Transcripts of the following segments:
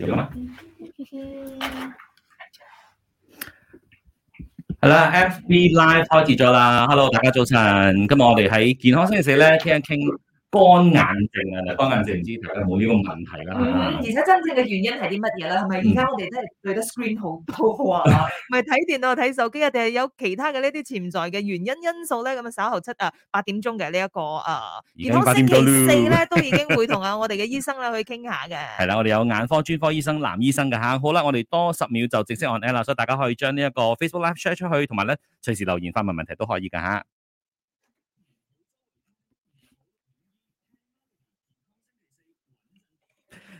嚟啦！係啦，FB Live 開始咗啦。Hello，大家早晨。今日我哋喺健康星期四呢傾一傾。乾眼症啊，嗱，乾眼症唔知大家冇呢個問題啦，嗯。而且真正嘅原因係啲乜嘢咧？係咪而家我哋真係對得 screen 好多啊？係咪睇電腦睇手機啊，定係有其他嘅呢啲潛在嘅原因因素咧？咁啊稍後七啊八點鐘嘅呢一個啊，健康星期四咧都已經會同啊我哋嘅醫生啦去傾下嘅。係啦， 我哋有眼科專科醫生男醫生㗎吓，好啦，我哋多十秒就直接 on air 啦，所以大家可以將呢一個 Facebook Live share 出去，同埋咧隨時留言發問問題都可以㗎嚇。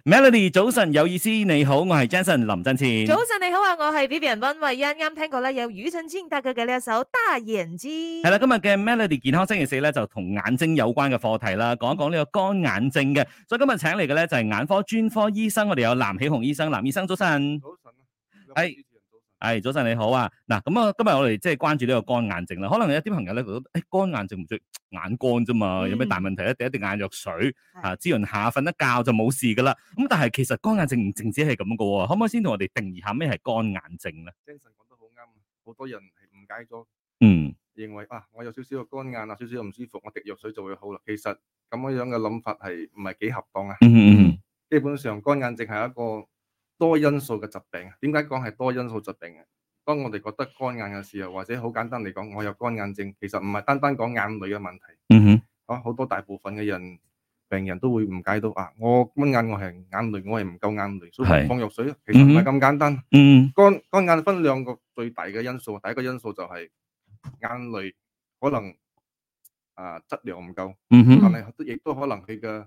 Melody，早晨有意思，你好，我係 Jason 林振前。早晨你好啊，我係 Vivian 温慧欣，啱聽過咧有庾澄慶得佢嘅呢一首《大眼睛》。係啦，今日嘅 Melody 健康星期四咧就同眼睛有關嘅課題啦，講一講呢個乾眼症嘅。所以今日請嚟嘅咧就係、是、眼科專科醫生，我哋有藍喜紅醫生，藍醫生早晨。早晨，係。有誒，hey, 早晨你好啊！嗱，咁啊，今日我哋即係關注呢個乾眼症啦。可能有啲朋友咧就覺得，誒、欸，乾眼症唔係眼乾咋嘛？有咩大問題咧？Mm hmm. 滴一滴眼藥水，吓、啊、滋潤下，瞓一覺就冇事噶啦。咁、嗯、但係其實乾眼症唔淨止係咁噶，可唔可以先同我哋定義下咩係乾眼症咧？精神講得好啱，好多人係誤解咗，嗯、mm，認、hmm. 為啊，我有少少嘅乾眼啊，少少唔舒服，我滴藥水就會好啦。其實咁樣樣嘅諗法係唔係幾恰當啊？嗯嗯、mm。Hmm. 基本上，乾眼症係一個，多因素嘅疾病，點解講係多因素疾病啊？當我哋覺得乾眼嘅時候，或者好簡單嚟講，我有乾眼症，其實唔係單單講眼淚嘅問題。嗯哼，啊，好多大部分嘅人病人都會誤解到啊，我乾眼我係眼淚我係唔夠眼淚，所以放藥水咯。其實唔係咁簡單。嗯，乾乾眼分兩個最大嘅因素，第一個因素就係眼淚可能啊質量唔夠。嗯哼，但係亦都可能佢嘅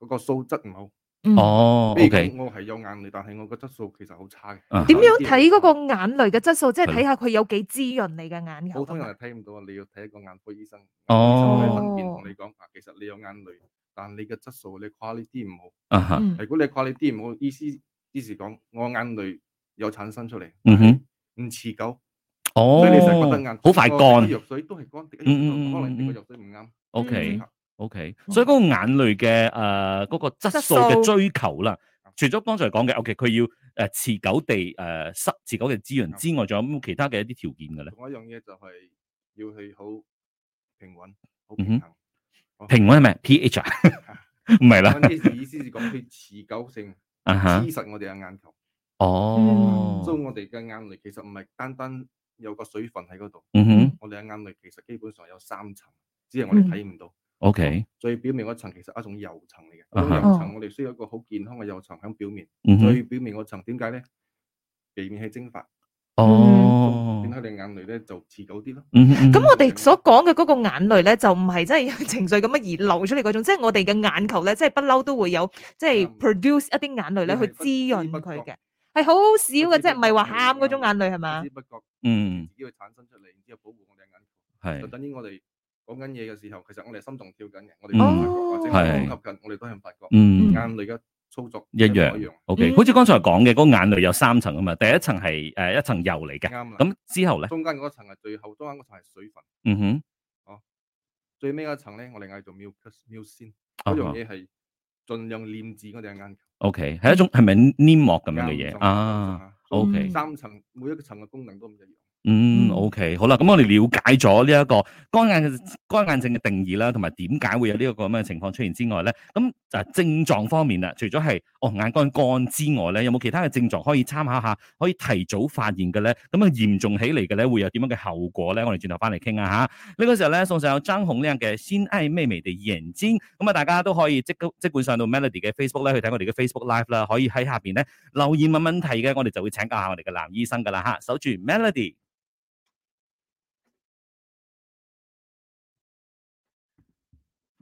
嗰個素質唔好。嗯，OK，我係有眼淚，但係我個質素其實好差嘅。點樣睇嗰個眼淚嘅質素？即係睇下佢有幾滋潤你嘅眼球。普通人睇唔到啊，你要睇一個眼科醫生哦，順便同你講啊，其實你有眼淚，但你嘅質素你 quality 唔好，如果你 quality 唔好，意思即是講我眼淚有產生出嚟，嗯哼，唔持久哦，所以你成日覺得眼好快乾，藥水都係乾滴，嗯嗯嗯，可能呢個藥水唔啱。OK。O K，所以嗰個眼淚嘅誒嗰個質素嘅追求啦，除咗剛才講嘅 O K，佢要誒持久地誒濕持久嘅滋潤之外，仲有冇其他嘅一啲條件嘅咧？仲有一樣嘢就係要去好平穩，好平衡。平穩係咩？P H 唔係啦。意思係講佢持久性，黐實我哋嘅眼球。哦，所以我哋嘅眼淚其實唔係單單有個水分喺嗰度。嗯哼，我哋嘅眼淚其實基本上有三層，只係我哋睇唔到。O.K. 最表面嗰層，其實一種油層嚟嘅，嗰油層我哋需要一個好健康嘅油層喺表面。最表面嗰層點解咧？避免係蒸發，哦，點解你眼淚咧就持久啲咯。咁我哋所講嘅嗰個眼淚咧，就唔係真係情緒咁樣而流出嚟嗰種，即係我哋嘅眼球咧，即係不嬲都會有即係 produce 一啲眼淚咧去滋潤佢嘅，係好少嘅，即係唔係話喊嗰種眼淚係嘛？不知不覺，嗯，自己產生出嚟，然之後保護我哋嘅眼球，係就等於我哋。講緊嘢嘅時候，其實我哋心仲跳緊嘅，我哋，或者好接近，我哋都係發覺，嗯，眼淚嘅操作一樣，一樣，O K，好似剛才講嘅，嗰眼淚有三層啊嘛，第一層係誒一層油嚟嘅，啱啦，咁之後咧，中間嗰層係最後中間嗰層係水分，嗯哼，哦，最尾一層咧，我哋嗌做 mucus，mucus，嗰樣嘢係盡量黏住我哋嘅眼球，O K，係一種係咪黏膜咁樣嘅嘢啊，O K，三層每一個層嘅功能都唔一樣。嗯，OK，好啦，咁、嗯、我哋了解咗呢一個乾眼乾眼症嘅定義啦，同埋點解會有呢一個咁嘅情況出現之外咧，咁就係症狀方面啦，除咗係哦眼乾乾之外咧，有冇其他嘅症狀可以參考下，可以提早發現嘅咧？咁啊嚴重起嚟嘅咧，會有點樣嘅後果咧？我哋轉頭翻嚟傾下。吓，呢個時候咧，送上有張紅呢樣嘅先愛妹妹的眼睛，咁啊、嗯、大家都可以即即管上到 Melody 嘅 Facebook 咧，去睇我哋嘅 Facebook Live 啦，可以喺下邊咧留言問問題嘅，我哋就會請教下我哋嘅男醫生噶啦吓，守住 Melody。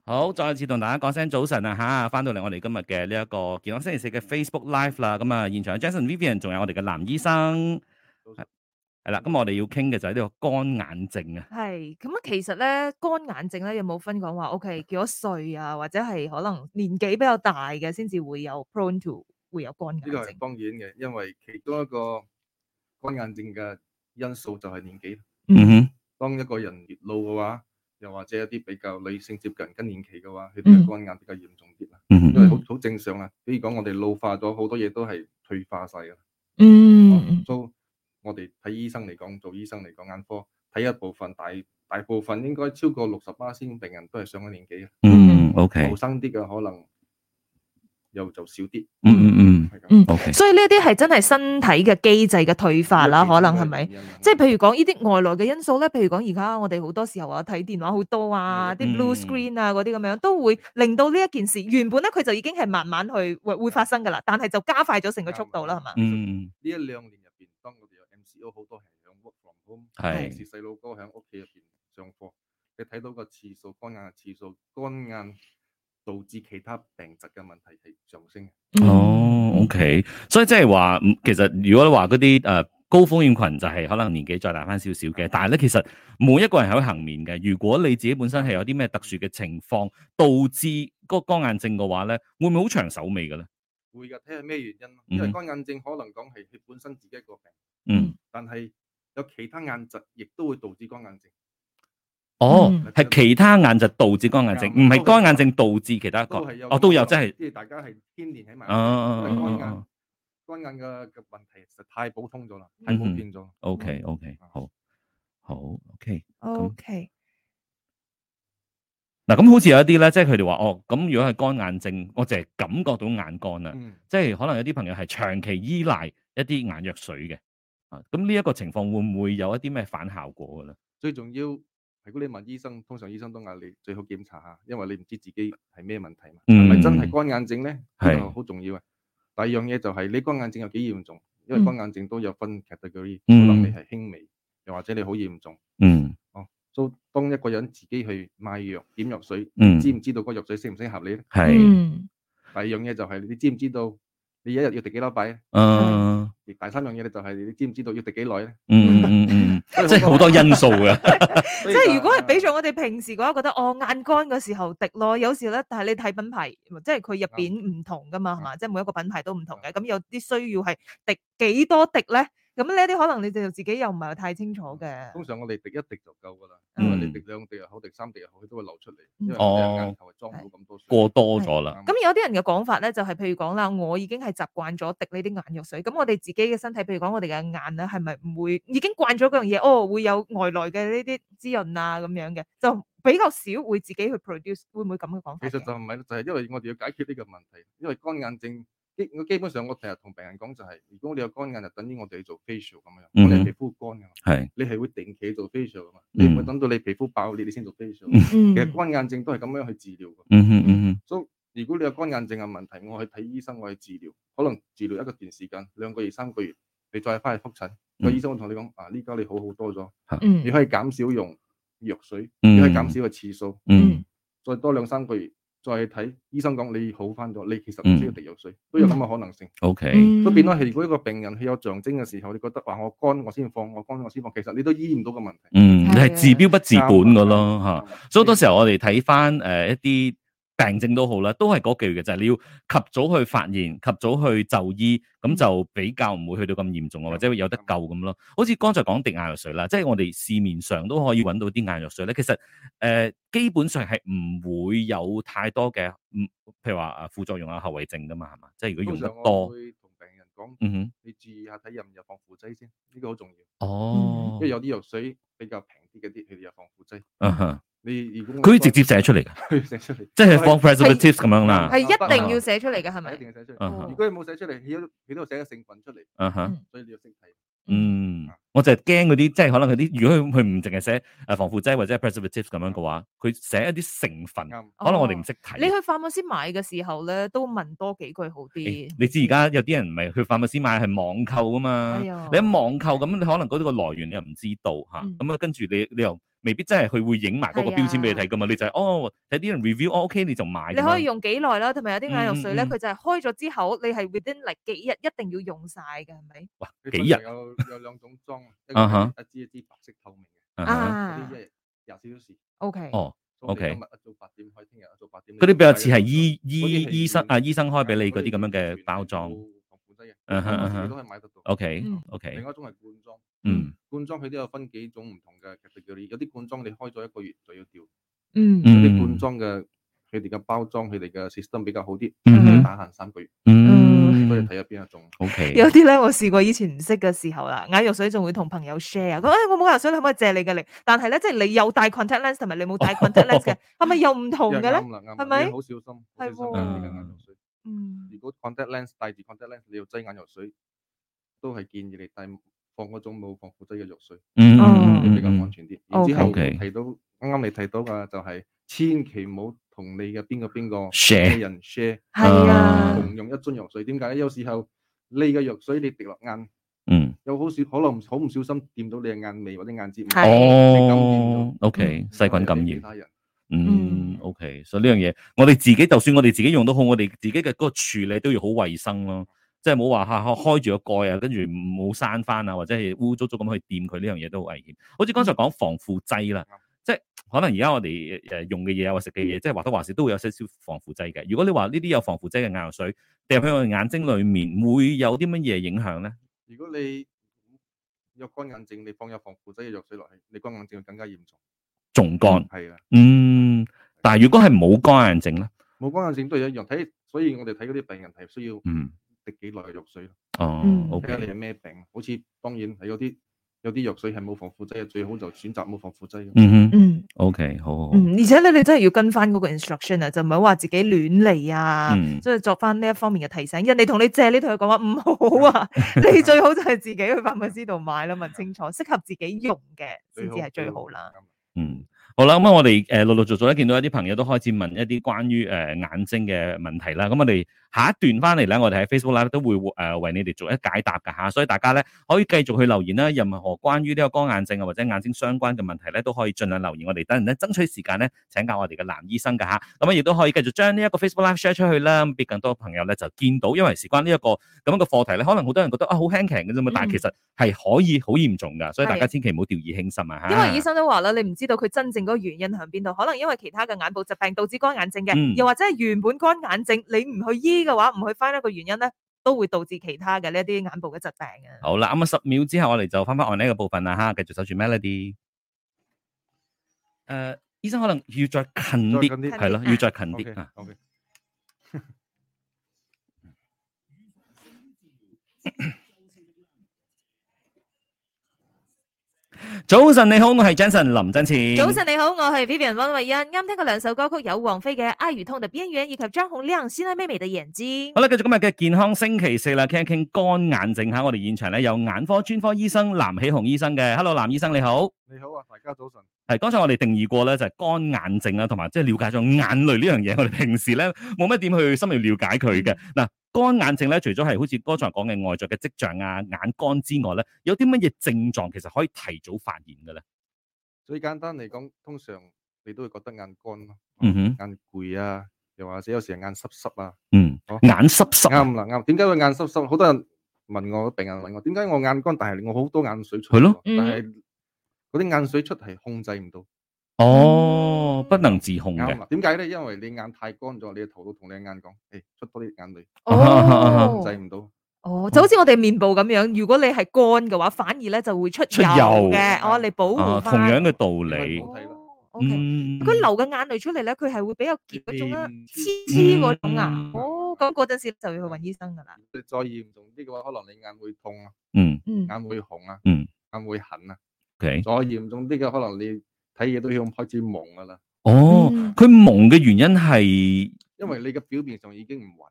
好，再次同大家講聲早晨啊！吓，翻到嚟我哋今日嘅呢一個健康星期四嘅 Facebook Live 啦。咁啊，現場有 Jason、Vivian，仲有我哋嘅藍醫生。係係啦，咁我哋要傾嘅就係呢個乾眼症啊。係，咁啊，其實咧乾眼症咧有冇分講話？OK，幾多歲啊？或者係可能年紀比較大嘅先至會有 prone to 會有乾眼症？呢個係當然嘅，因為其中一個乾眼症嘅因素就係年紀。嗯哼、mm，hmm. 當一個人越老嘅話。又或者一啲比較女性接近更年期嘅話，佢哋嘅乾眼比較嚴、嗯、重啲啦，嗯、因為好好正常啊。比如講我哋老化咗，好多嘢都係退化晒㗎。嗯，都、啊嗯、我哋睇醫生嚟講，做醫生嚟講眼科睇一部分，大大部分應該超過六十八先，嘅病人都係上咗年紀嘅。嗯，OK。後生啲嘅可能又就少啲、嗯。嗯嗯嗯。嗯，Okay. 所以呢一啲係真係身體嘅機制嘅退化啦，可能係咪？是是即係譬如講呢啲外來嘅因素咧，譬如講而家我哋好多時候啊睇電話好多啊，啲、嗯、blue screen 啊嗰啲咁樣，都會令到呢一件事原本咧佢就已經係慢慢去會會發生噶啦，但係就加快咗成個速度啦，係嘛？嗯，呢一兩年入邊，當我哋有 MCO 好多係 work from home，係，尤其是細路哥喺屋企入邊上課，你睇到個次數乾眼，次數乾眼。導致其他病疾嘅問題係上升。哦，OK，所以即係話，其實如果你話嗰啲誒高風險羣就係可能年紀再大翻少少嘅，但係咧其實每一個人係可以行面嘅。如果你自己本身係有啲咩特殊嘅情況導致嗰個乾眼症嘅話咧，會唔會好長手尾嘅咧？會㗎，睇下咩原因咯。因為乾眼症可能講係佢本身自己一個病，嗯，但係有其他眼疾亦都會導致乾眼症。哦，係其他眼疾導致乾眼症，唔係乾眼症導致其他一個哦，都有，即係即係大家係牽連喺埋。哦，乾眼乾眼嘅嘅問題其實太普通咗啦，太普遍咗。OK，OK，好好，OK，OK。嗱，咁好似有一啲咧，即係佢哋話哦，咁如果係乾眼症，我淨係感覺到眼乾啦，即係可能有啲朋友係長期依賴一啲眼藥水嘅啊，咁呢一個情況會唔會有一啲咩反效果嘅咧？最重要。如果你問醫生，通常醫生都嗌你最好檢查下，因為你唔知自己係咩問題，係咪真係乾眼症咧？係好重要啊！第二樣嘢就係你乾眼症有幾嚴重，因為乾眼症都有分程度啲，可能你係輕微，又或者你好嚴重。嗯，哦，都當一個人自己去買藥、點藥水，知唔知道嗰藥水適唔適合你咧？係。第二樣嘢就係你知唔知道你一日要滴幾多幣？嗯。第三樣嘢咧就係你知唔知道要滴幾耐咧？即係好多因素㗎， 即係如果係比咗我哋平時嘅話，覺得哦眼乾嘅時候滴咯，有時候咧，但係你睇品牌，即係佢入邊唔同噶嘛，係嘛、嗯？即係每一個品牌都唔同嘅，咁有啲需要係滴幾多滴咧？咁呢啲可能你就自己又唔係太清楚嘅。通常我哋滴一滴就夠噶啦，因為你滴兩滴又好，滴三滴又好，佢都會流出嚟。因為眼頭係裝唔到咁多水。過多咗啦。咁有啲人嘅講法咧，就係、是、譬如講啦，我已經係習慣咗滴呢啲眼藥水。咁我哋自己嘅身體，譬如講我哋嘅眼咧，係咪唔會已經慣咗嗰樣嘢？哦，會有外來嘅呢啲滋潤啊咁樣嘅，就比較少會自己去 produce。會唔會咁嘅講法？其實就唔係，就係、是、因為我哋要解決呢個問題，因為乾眼症。我基本上我成日同病人講就係、是，如果你有乾眼就等於我哋做 facial 咁樣，我哋、嗯、皮膚乾噶嘛，是你係會定期做 facial 噶嘛，嗯、你唔會等到你皮膚爆裂你先做 facial。嗯、其實乾眼症都係咁樣去治療、嗯。嗯嗯嗯嗯。所以、So, 如果你有乾眼症嘅問題，我去睇醫生，我去治療，可能治療一個段時間，兩個月、三個月，你再翻去復診，個、嗯、醫生會同你講啊，呢家你好好多咗，你可以減少用藥水，你可以減少個次數，再多兩三個月。再睇醫生講你好翻咗，你其實唔需要滴油水，嗯、都有咁嘅可能性。O K，都變咗係。如果一個病人佢有象徵嘅時候，你覺得話我乾我先放，我乾我先放，其實你都醫唔到個問題。嗯，你係治標不治本嘅咯吓，所以好多時候我哋睇翻誒一啲。病症都好啦，都係嗰句嘅，就係、是、你要及早去發現，及早去就醫，咁就比較唔會去到咁嚴重啊，或者有得救咁咯。嗯嗯、好似剛才講滴眼藥水啦，即係我哋市面上都可以揾到啲眼藥水咧。其實誒、呃，基本上係唔會有太多嘅唔，譬如話啊副作用啊後遺症噶嘛，係嘛？即係如果用得多。講，嗯哼，你注意下睇入唔入防腐劑先，呢個好重要。哦，因為有啲藥水比較平啲嗰啲佢哋有防腐劑。嗯哼，你如果佢可以直接寫出嚟噶，佢寫出嚟，即係放 preservatives 咁樣啦。係一定要寫出嚟嘅係咪？一定要寫出嚟。如果你冇寫出嚟，佢都寫個成分出嚟。嗯哼，所以你要識睇。嗯，我就係驚嗰啲，即係可能嗰啲，如果佢佢唔淨係寫誒防腐劑或者 preservative 咁樣嘅話，佢寫一啲成分，可能我哋唔識睇。你去化物師買嘅時候咧，都問多幾句好啲、哎。你知而家有啲人唔係去化物師買，係網購啊嘛。哎、呦你喺網購咁，你可能嗰個來源你又唔知道吓，咁、嗯、啊，跟住你你又。未必真係佢會影埋嗰個標籤俾你睇噶嘛？你就係、是、哦睇啲人 review，OK、哦 okay, 你就買。你可以用幾耐啦？同埋有啲眼藥水咧，佢、嗯嗯、就係開咗之後，你係 within 嚟、like, 幾日一定要用晒嘅係咪？是是哇！幾日有有兩種裝啊！一支一支白色透明嘅啊，廿小時。O K。哦，O K。今日一早八點開，聽日一早八點。嗰啲比較似係醫醫醫生啊醫生開俾你嗰啲咁樣嘅包裝。得都可以買得到。O K，O K。另外一種係罐裝，嗯，罐裝佢都有分幾種唔同嘅，其實叫你有啲罐裝你開咗一個月就要掉。嗯，有啲罐裝嘅，佢哋嘅包裝佢哋嘅 system 比較好啲，可以打限三個月。嗯，咁你睇下邊一種。O K。有啲咧，我試過以前唔識嘅時候啦，眼藥水仲會同朋友 share，佢，誒、哎、我冇眼藥水，可唔可以借你嘅嚟？但係咧，即係你有帶 contact lens, cont lens、哦、是是同埋、嗯嗯嗯、你冇帶 contact lens 嘅，係咪又唔同嘅咧？係咪？好小心。嗯，如果 contact lens 帶住 contact lens 你要擠眼藥水，都係建議你帶放嗰種冇防腐劑嘅藥水，嗯，比較安全啲。嗯、然之後 okay. 提到啱啱你提到嘅就係、是，千祈唔好同你嘅邊個邊個 share share，係啊，同用一樽藥水，點解咧？有時候你嘅藥水你滴落眼，嗯，有好少可能好唔小心掂到你嘅眼眉或者眼睫毛，係感染，ok 細菌感染，嗯。嗯 OK，所以呢樣嘢，我哋自己就算我哋自己用到好，我哋自己嘅嗰個處理都要好衛生咯，即係冇話吓開住個蓋啊，跟住冇閂翻啊，或者係污糟糟咁去掂佢呢樣嘢都好危險。好似剛才講防腐劑啦、嗯，即係可能而家我哋誒用嘅嘢啊，或食嘅嘢，即係或多或少都會有少少防腐劑嘅。如果你話呢啲有防腐劑嘅眼藥水掉喺我哋眼睛裏面，會有啲乜嘢影響咧？如果你若乾眼症，你放有防腐劑嘅藥水落去，你乾眼症更加嚴重，仲乾，係啊，嗯。但係如果係冇乾眼症咧，冇乾眼症都係一樣睇。所以我哋睇嗰啲病人係需要，嗯，滴幾耐嘅藥水哦，依家你係咩病？好似、嗯、當然係有啲有啲藥水係冇防腐劑嘅，最好就選擇冇防腐劑。嗯嗯，OK，好好、嗯、而且咧，你真係要跟翻嗰個 instruction 啊，就唔係話自己亂嚟，啊，所以作翻呢一方面嘅提醒。一，你同你借，呢同佢講話唔好啊， 你最好就係自己去 pharmacist 度買啦，問清楚適合自己用嘅先至係最好啦。嗯。好啦，咁、嗯、我哋誒陸陸續續咧見到一啲朋友都開始問一啲關於誒、呃、眼睛嘅問題啦，咁、嗯、我哋。下一段翻嚟咧，我哋喺 Facebook Live 都會誒為你哋做一解答噶吓，所以大家咧可以繼續去留言啦。任何關於呢個乾眼症啊或者眼睛相關嘅問題咧，都可以盡量留言。我哋等人咧爭取時間咧，請教我哋嘅男醫生噶吓。咁啊，亦都可以繼續將呢一個 Facebook Live share 出去啦，俾更多朋友咧就見到。因為事關呢、這、一個咁樣嘅課題咧，可能好多人覺得啊好輕便嘅啫嘛，但係其實係可以好嚴重噶，所以大家千祈唔好掉以輕心啊吓。因為醫生都話啦，你唔知道佢真正嗰個原因喺邊度，可能因為其他嘅眼部疾病導致乾眼症嘅，嗯、又或者係原本乾眼症，你唔去醫。啲嘅話唔去翻一個原因咧，都會導致其他嘅呢一啲眼部嘅疾病啊。好啦，咁啊十秒之後我哋就翻翻按呢一個部分啦，吓，繼續守住 Melody。誒、uh,，醫生可能要再近啲，係咯，了啊、要再近啲啊。Okay, okay. 早晨你好，我係 Jensen 林振前。早晨你好，我係 Vivian 溫慧欣。啱聽過兩首歌曲，有王菲嘅《阿如痛》同埋《邊緣》，以及張紅亮的眉眉的、先啊，微微嘅《人知》。好啦，繼續今日嘅健康星期四啦，傾一傾乾眼症吓。我哋現場咧有眼科專科醫生藍喜紅醫生嘅。Hello，藍醫生你好。你好啊，大家早晨。係剛才我哋定義過咧就係乾眼症啦，同埋即係了解咗眼淚呢樣嘢，我哋平時咧冇乜點去深入了解佢嘅嗱。嗯乾眼症咧，除咗係好似剛才講嘅外在嘅跡象啊，眼乾之外咧，有啲乜嘢症狀其實可以提早發現嘅咧？最簡單嚟講，通常你都會覺得眼乾咯，嗯哼，眼攰啊，又或者有時眼濕濕啊，嗯，啊，眼濕濕啱啦，啱。點解會眼濕濕？好多人問我，病人問我，點解我眼乾，但係我好多眼水出，係咯，但係嗰啲眼水出係控制唔到。哦，不能自控嘅，點解咧？因為你眼太乾咗，你個頭腦同你個眼講，誒，出多啲眼淚，控制唔到。哦，就好似我哋面部咁樣，如果你係乾嘅話，反而咧就會出油嘅，我嚟保護翻。同樣嘅道理。嗯，如果流嘅眼淚出嚟咧，佢係會比較澀嗰種啦，黐黐嗰種啊。哦，咁嗰陣時就要去問醫生噶啦。再嚴重啲嘅話，可能你眼會痛啊。嗯嗯，眼會紅啊。嗯，眼會痕啊。OK，再嚴重啲嘅可能你。睇嘢都要開始蒙噶啦。哦，佢蒙嘅原因係，因為你嘅表面上已經唔滑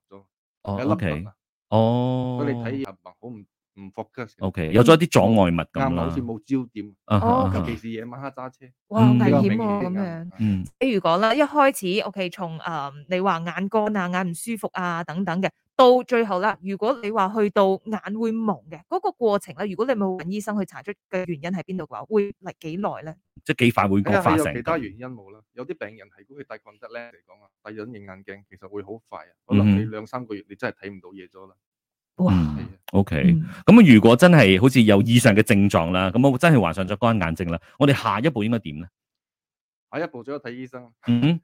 咗，一粒粒。哦，所以你睇嘢唔係好唔唔 focus。O K，有咗一啲阻礙物咁咯，好似冇焦點。哦，尤其是夜晚黑揸車，哇，好危險喎咁樣。嗯，比如講啦，一開始 O K，從誒你話眼乾啊、眼唔舒服啊等等嘅。到最後啦，如果你話去到眼會矇嘅嗰個過程咧，如果你冇問醫生去查出嘅原因喺邊度嘅話，會嚟幾耐咧？即係幾快會完成？其他原因冇啦，有啲病人係，如果佢戴慣得叻嚟講啊，戴隱形眼鏡其實會好快啊，可能你兩三個月，嗯、你真係睇唔到嘢咗啦。哇！OK，咁如果真係好似有以上嘅症狀啦，咁我真係患上咗乾眼症啦，我哋下一步應該點咧？下一步就要睇醫生。嗯。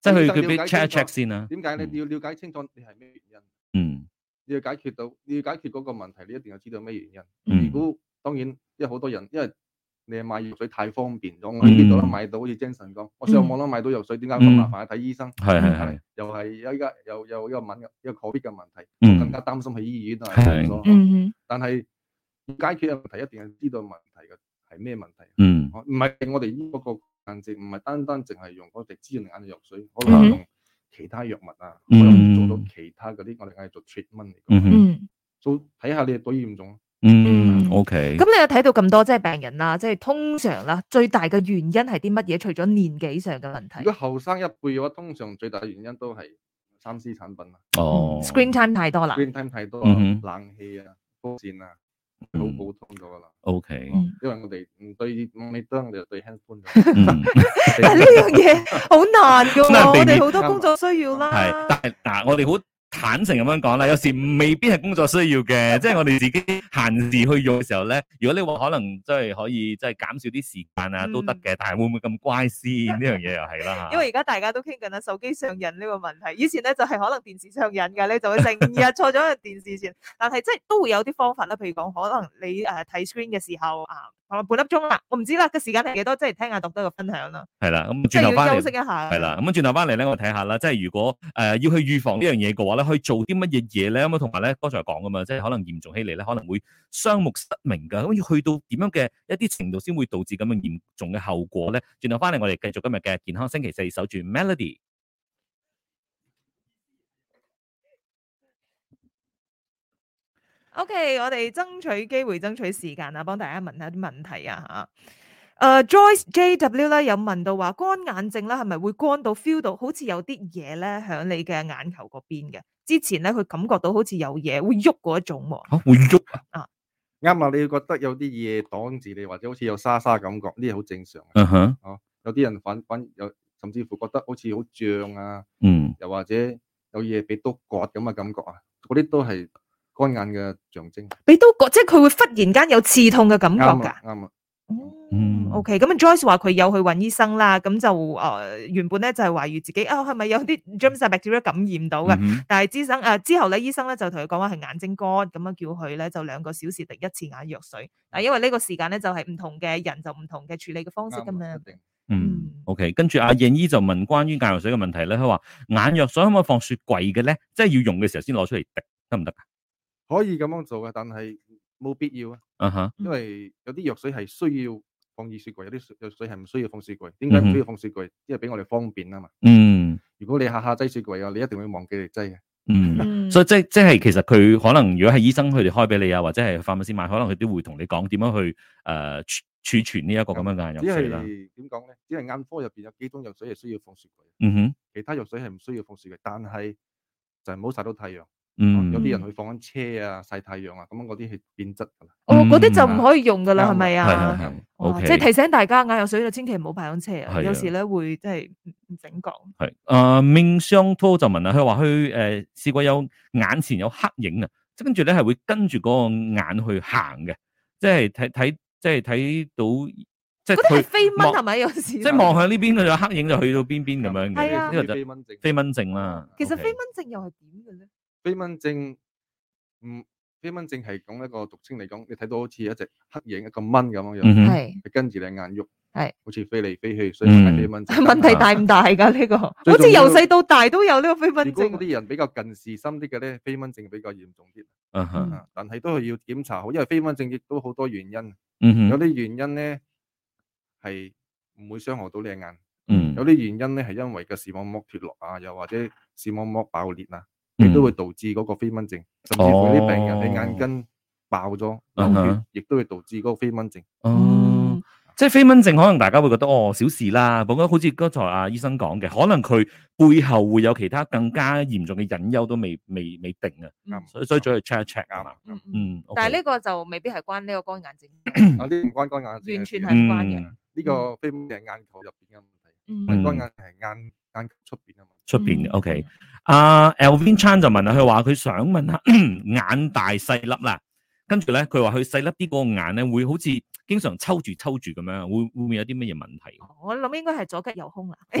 即係佢嗰邊 check 一 check 先啦。點解咧？你要了解清楚你係咩原因？嗯，你要解決到你要解決嗰個問題，你一定要知道咩原因。如果當然，因為好多人，因為你買藥水太方便咗，我喺呢度都買到好似精神咁。我上網都買到藥水，點解咁麻煩去睇醫生？係係係，又係依家又又一個敏一個 COVID 嘅問題，更加擔心喺醫院。但係解決問題一定係知道問題嘅係咩問題？唔係我哋個。唔係、嗯、單單淨係用嗰隻滋潤眼藥水，可能用其他藥物啊，可能、嗯、做到其他嗰啲我哋嗌做 treatment 嚟。嗯，做睇下你多嚴重。嗯，OK。咁你有睇到咁多即係病人啦，即係通常啦，最大嘅原因係啲乜嘢？除咗年紀上嘅問題。如果後生一輩嘅話，通常最大嘅原因都係三 C 產品啊。哦。Screen time 太多啦。Screen time 太多，嗯、冷氣啊，高電啊。好普通咗噶啦，OK，因為我哋對未當就對 Halfmoon 但呢樣嘢好難噶， 我哋好多工作需要啦。係，但係嗱、呃，我哋好。坦誠咁樣講啦，有時未必係工作需要嘅，即係我哋自己閒時去用嘅時候咧。如果你話可能真係可以真係減少啲時間啊，都得嘅。但係會唔會咁乖先？呢樣嘢又係啦。因為而家大家都傾緊啊，手機上癮呢個問題。以前咧就係、是、可能電視上癮嘅咧，你就會成日坐咗喺電視前。 但係即係都會有啲方法啦，譬如講可能你誒睇、呃、screen 嘅時候啊。呃我半粒鐘啦，我唔知啦，個時間係幾多，即係聽下讀多個分享啦。係啦，咁轉頭翻嚟，休息一下。係啦，咁樣轉頭翻嚟咧，我睇下啦，即係如果誒、呃、要去預防呢樣嘢嘅話咧，去做啲乜嘢嘢咧？咁啊，同埋咧，剛才講噶嘛，即係可能嚴重起嚟咧，可能會雙目失明噶，咁要去到點樣嘅一啲程度先會導致咁樣嚴重嘅後果咧？轉頭翻嚟，我哋繼續今日嘅健康星期四，守住 Melody。O.K.，我哋爭取機會，爭取時間啊，幫大家問下啲問題啊吓。誒，Joyce J.W. 咧有問到話乾眼症啦，係咪會乾到 feel 到好似有啲嘢咧響你嘅眼球嗰邊嘅？之前咧佢感覺到好似有嘢會喐嗰一種喎。吓會喐啊？啊，啱啦，你要覺得有啲嘢擋住你，或者好似有沙沙感覺，呢啲好正常。嗯哼，哦，有啲人反反有，甚至乎覺得好似好脹啊。嗯。又或者有嘢俾篤刮咁嘅感覺啊，嗰啲都係。乾眼嘅象徵，你都覺即係佢會忽然間有刺痛嘅感覺噶，啱啊，嗯，嗯，OK，咁啊 Joyce 話佢有去搵醫生啦，咁就誒、呃、原本咧就係、是、懷疑自己啊係咪有啲 germs bacteria 感染到嘅，嗯、但係、啊、醫生誒之後咧醫生咧就同佢講話係眼睛乾，咁啊叫佢咧就兩個小時滴一次眼藥水，啊因為呢個時間咧就係、是、唔同嘅人就唔同嘅處理嘅方式噶嘛，嗯，嗯，OK，跟住阿、啊、燕姨就問關於眼藥水嘅問題咧，佢話眼藥水可唔可以放雪櫃嘅咧？即、就、係、是、要用嘅時候先攞出嚟滴得唔得？行可以咁樣做嘅，但係冇必要啊。啊哈！因為有啲藥水係需要放入雪櫃，有啲藥水係唔需要放雪櫃。點解唔需要放雪櫃？因為俾我哋方便啊嘛。嗯。如果你下下擠雪櫃啊，你一定會忘記嚟擠嘅。嗯。 所以即即係其實佢可能如果係醫生佢哋開俾你啊，或者係 pharmacist 買，可能佢都會同你講點樣去誒儲、呃、存這這呢一個咁樣嘅藥水啦。點講咧？只係眼科入邊有幾種藥水係需要放雪櫃。嗯哼。其他藥水係唔需要放雪櫃，但係就係唔好曬到太陽。嗯，有啲人去放喺車啊，曬太陽啊，咁樣嗰啲係變質噶啦。哦，嗰啲就唔可以用噶啦，係咪啊？係啊，係。哦，即係提醒大家，眼藥水就千祈唔好排喺車啊。有時咧會即係唔整講。係。啊，命相托就問啦，佢話佢誒試過有眼前有黑影啊，即跟住咧係會跟住嗰個眼去行嘅，即係睇睇即係睇到即係。嗰啲係飛蚊係咪有時？即係望向呢邊就有黑影就去到邊邊咁樣嘅。啊。呢個就飛蚊症啦。其實飛蚊症又係點嘅咧？飛蚊症，嗯，飛蚊症係講一個俗稱嚟講，你睇到好似一隻黑影一個蚊咁樣樣，係、mm，hmm. 跟住你眼喐，係、mm，hmm. 好似飛嚟飛去，所以唔係飛蚊症。問題大唔大噶啊？呢、這個， 好似由細到大都有呢個飛蚊症。如果啲人比較近視深啲嘅咧，飛蚊症比較嚴重啲，uh huh. 但係都係要檢查好，因為飛蚊症亦都好多原因，mm hmm. 有啲原因咧係唔會傷害到你眼，mm hmm. 有啲原因咧係因為個視網膜脫落啊，又或者視網膜爆裂啊。亦都會導致嗰個飛蚊症，甚至有啲病人佢眼根爆咗流血，亦都會導致嗰個飛蚊症。嗯，即係飛蚊症，可能大家會覺得哦，小事啦，我覺得好似剛才阿醫生講嘅，可能佢背後會有其他更加嚴重嘅隱憂都未未未定嘅，所以所以再去 check 一 check 啊嘛。嗯，但係呢個就未必係關呢個乾眼症。啊，呢唔關乾眼症。完全係唔關嘅，呢個飛蚊症眼球入邊嘅問題，乾眼係眼眼出邊嘅問題。出邊嘅，OK。阿 Elvin Chan 就問啦，佢話佢想問下眼大細粒啦，跟住咧佢話佢細粒啲個眼咧會好似經常抽住抽住咁樣，會會唔會有啲乜嘢問題？我諗應該係左吉右凶啦。喂，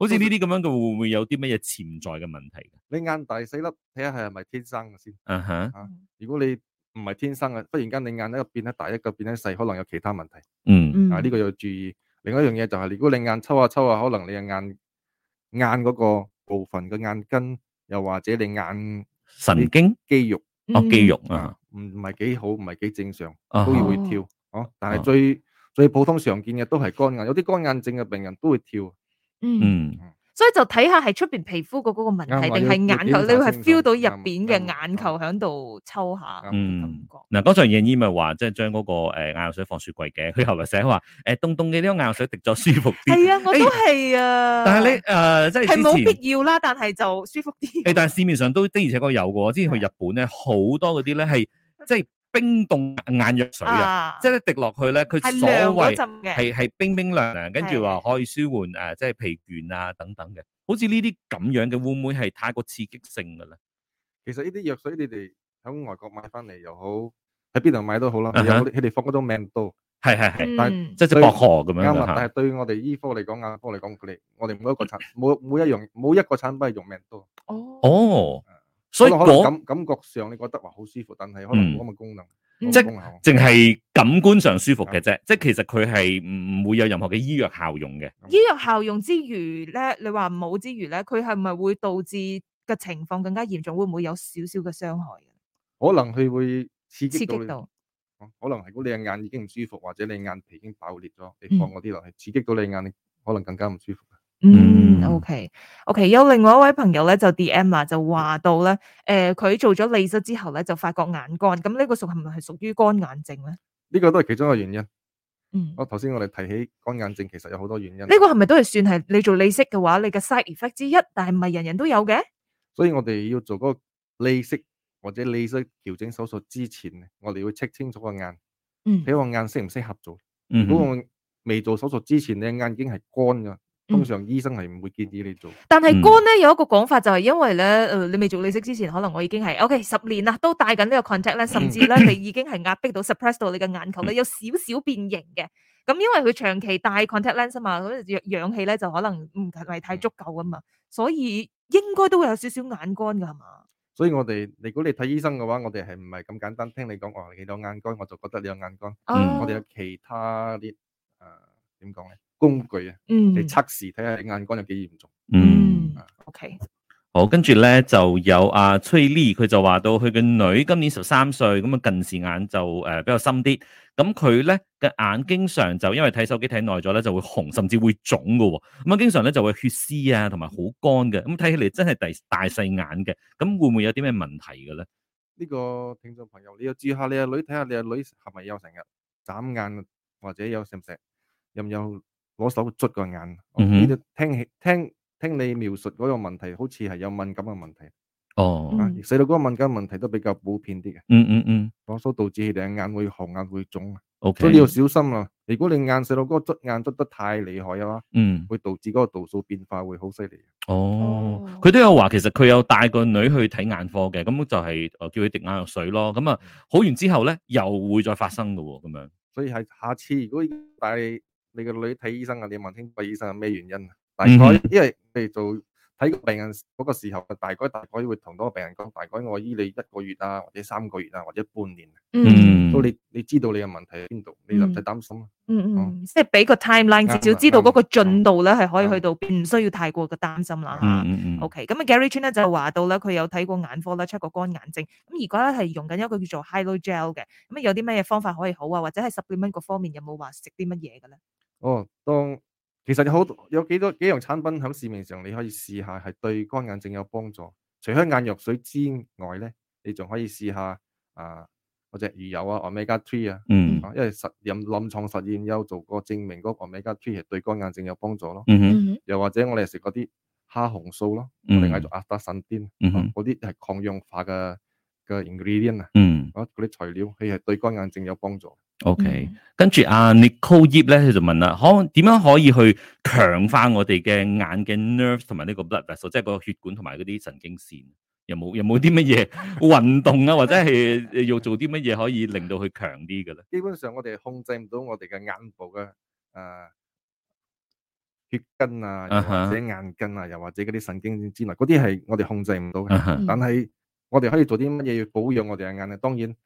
好似呢啲咁樣嘅會唔會有啲乜嘢潛在嘅問題？你眼大細粒，睇下係咪天生嘅先。嗯哼，如果你唔係天生嘅，忽然間你眼一個變得大，一個變得細，可能有其他問題。嗯，啊呢個要注意。另一樣嘢就係，如果你眼抽下抽下，可能你嘅眼眼嗰個部分嘅眼筋，又或者你眼神經肌肉啊肌肉啊，唔唔係幾好，唔係幾正常，都要會跳。哦，但係最最普通常見嘅都係乾眼，有啲乾眼症嘅病人都會跳。嗯。所以就睇下係出邊皮膚個嗰個問題，定係、嗯、眼球，你會係 feel 到入邊嘅眼球喺度抽下。嗯，感覺。嗱嗰陣、嗯、燕姨咪話，即係將嗰個誒、呃、眼藥水放雪櫃嘅，佢後來寫話，誒凍凍嘅呢個眼藥水滴咗舒服啲。係 啊，我都係啊。欸、但係你誒、呃，即係係冇必要啦，但係就舒服啲。誒、欸，但係市面上都的而且確有嘅，我之前去日本咧，好 多嗰啲咧係即係。冰凍眼藥水啊，即係滴落去咧，佢所謂係係冰冰涼涼，跟住話可以舒緩誒，即係疲倦啊等等嘅。好似呢啲咁樣嘅，會唔會係太過刺激性噶咧？其實呢啲藥水，你哋喺外國買翻嚟又好，喺邊度買都好啦。有佢哋放嗰種命多，係係係，但係即係薄荷咁樣。啱啦，但係對我哋醫科嚟講、眼科嚟講，佢哋我哋每一個產，每每一樣，每一個產品係用命多。哦。所以感感覺上你覺得話好舒服，嗯、但係可能冇咁嘅功能，即係淨係感官上舒服嘅啫。嗯、即係其實佢係唔唔會有任何嘅醫藥效用嘅。醫藥效用之餘咧，你話冇之餘咧，佢係咪會導致嘅情況更加嚴重？會唔會有少少嘅傷害？可能佢會刺激到，刺激到可能係嗰，你眼已經唔舒服，或者你眼皮已經爆裂咗，你放嗰啲落去刺激到你眼，可能更加唔舒服。嗯。O K，O K，有另外一位朋友咧就 D M 啦，就話到咧，誒，佢做咗鐳射之後咧，就發覺眼乾，咁呢個屬唔係係屬於乾眼症咧？呢個都係其中一個原因。嗯，我頭先我哋提起乾眼症，其實有好多原因。呢個係咪都係算係你做鐳射嘅話，你嘅 side effect 之一？但係唔係人人都有嘅。所以我哋要做嗰個鐳射或者鐳射調整手術之前，我哋會測清楚個眼，睇個眼適唔適合做。如果我未做手術之前，你眼睛係乾嘅。通常醫生係唔會建議你做，但係乾咧有一個講法就係因為咧，誒、呃、你未做利息之前，可能我已經係 O K 十年啦，都戴緊呢個 contact lens 咧、嗯，甚至咧你已經係壓迫到 suppress 到你嘅眼球，你有少少變形嘅。咁、嗯嗯、因為佢長期戴 contact lens 啊嘛，咁氧氧氣咧就可能唔係太足夠啊嘛，所以應該都會有少少眼乾噶係嘛。所以我哋如果你睇醫生嘅話，我哋係唔係咁簡單聽你講我幾多眼乾，我就覺得你有眼乾。嗯、我哋有其他啲誒點講咧？呃工具啊，嗯，你測試睇下你眼光有幾嚴重，嗯，OK，好，跟住咧就有阿、啊、崔麗，佢就話到佢嘅女今年十三歲，咁啊近視眼就誒比較深啲，咁佢咧嘅眼經常就因為睇手機睇耐咗咧就會紅，甚至會腫噶、哦，咁啊經常咧就會血絲啊，同埋好乾嘅，咁睇起嚟真係第大細眼嘅，咁會唔會有啲咩問題嘅咧？呢個聽眾朋友你要注意下你阿女，睇下你阿女係咪有成日眨眼，或者有唔食，有唔有？攞手捽個眼，呢啲、嗯嗯、聽起聽聽你描述嗰個問題，好似係有敏感嘅問題。哦，而細佬哥敏感問題都比較普遍啲嘅。嗯嗯嗯，攞手導致佢哋眼會紅、眼會腫，Okay 所以你要小心啊。如果你眼細佬哥捽眼捽得太厲害啊，嗯，會導致嗰個度數變化會好犀利。哦，佢、哦、都有話，其實佢有帶個女去睇眼科嘅，咁就係叫佢滴眼藥水咯。咁啊，好完之後咧，又會再發生噶，咁樣。所以係下次如果帶。你個女睇醫生啊？你問清楚醫生係、啊、咩原因啊？大概因為你做睇個病人嗰個時候，大概大概會同嗰個病人講，大概我醫你一個月啊，或者三個月啊，或者半年。嗯、mm，到、hmm. 你你知道你嘅問題喺邊度，你就唔使擔心啦、啊。嗯、mm hmm. 嗯，即係俾個 timeline 至、嗯、少知道嗰個進度咧，係可以去到，唔、嗯、需要太過嘅擔心啦。O K，咁啊 Gary Chan 咧就話到咧，佢有睇過眼科咧，出個乾眼症。咁而家咧係用緊一個叫做 Hydrogel 嘅。咁啊有啲咩方法可以好啊？或者係十幾蚊嗰方面有冇話食啲乜嘢嘅咧？哦，當其實有好多有幾多幾樣產品喺市面上，你可以試下係對乾眼症有幫助。除開眼藥水之外咧，你仲可以試下啊嗰隻魚油啊，Omega Three 啊，嗯，因為實臨床實驗又做過證明，嗰個 Omega Three 係對乾眼症有幫助咯。嗯哼，又或者我哋食嗰啲蝦紅素咯，我哋嗌做 Astaxanthin，嗯，嗰啲係抗氧化嘅嘅 ingredient 啊，嗯、啊，嗰啲、啊、材料佢係對乾眼症有幫助。OK，跟住阿 Nicole 葉咧，佢就問啦，可點樣可以去強化我哋嘅眼嘅 nerve 同埋呢個 blood vessel，即係嗰個血管同埋嗰啲神經線，有冇有冇啲乜嘢運動啊，或者係要做啲乜嘢可以令到佢強啲嘅咧？基本上我哋控制唔到我哋嘅眼部嘅誒血筋啊，或者眼筋啊，又或者嗰啲神經之類，嗰啲係我哋控制唔到嘅。但係我哋可以做啲乜嘢要保養我哋嘅眼啊？當然。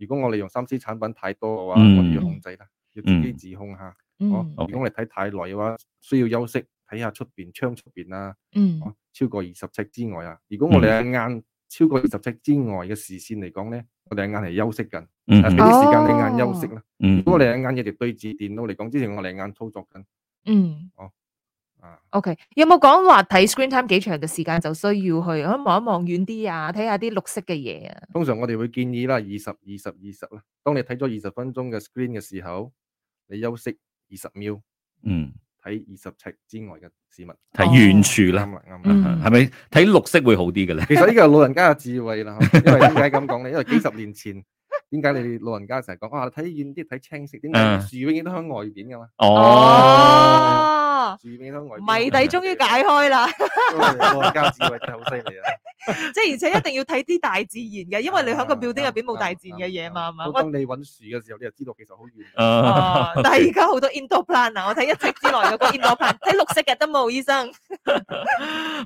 如果我哋用三 C 產品太多嘅話，嗯、我哋要控制啦，要自己自控下。嗯、哦，如果我哋睇太耐嘅話，需要休息，睇下出邊窗出邊啦。嗯、哦，超過二十尺之外啊。如果我哋眼超過二十尺之外嘅視線嚟講咧，我哋眼係休息緊，但俾啲、嗯、時間你眼、哦、休息啦。如果我哋眼一直對住電腦嚟講，之前我哋眼操作緊。嗯，哦。啊，OK，有冇講話睇 screen time 幾長嘅時間就需要去可望一望遠啲啊，睇下啲綠色嘅嘢啊。通常我哋會建議啦，二十、二十、二十啦。當你睇咗二十分鐘嘅 screen 嘅時候，你休息二十秒，嗯，睇二十尺之外嘅事物，睇遠、哦、處啦，啱，係咪睇綠色會好啲嘅咧？其實呢個係老人家嘅智慧啦， 因為點解咁講咧？因為幾十年前，點解 你哋老人家成日講啊？睇遠啲，睇青色，點解樹永遠都向外邊噶嘛。哦、啊。啊啊謎底終於解開啦！交智慧真係好犀利啊！即係而且一定要睇啲大自然嘅，因為你喺個表丁入邊冇大自然嘅嘢嘛，係咪？當你搵樹嘅時候，你就知道其實好遠。Uh, 但係而家好多 interplan 啊！我睇一尺之內有個 interplan 睇綠色嘅都冇醫生。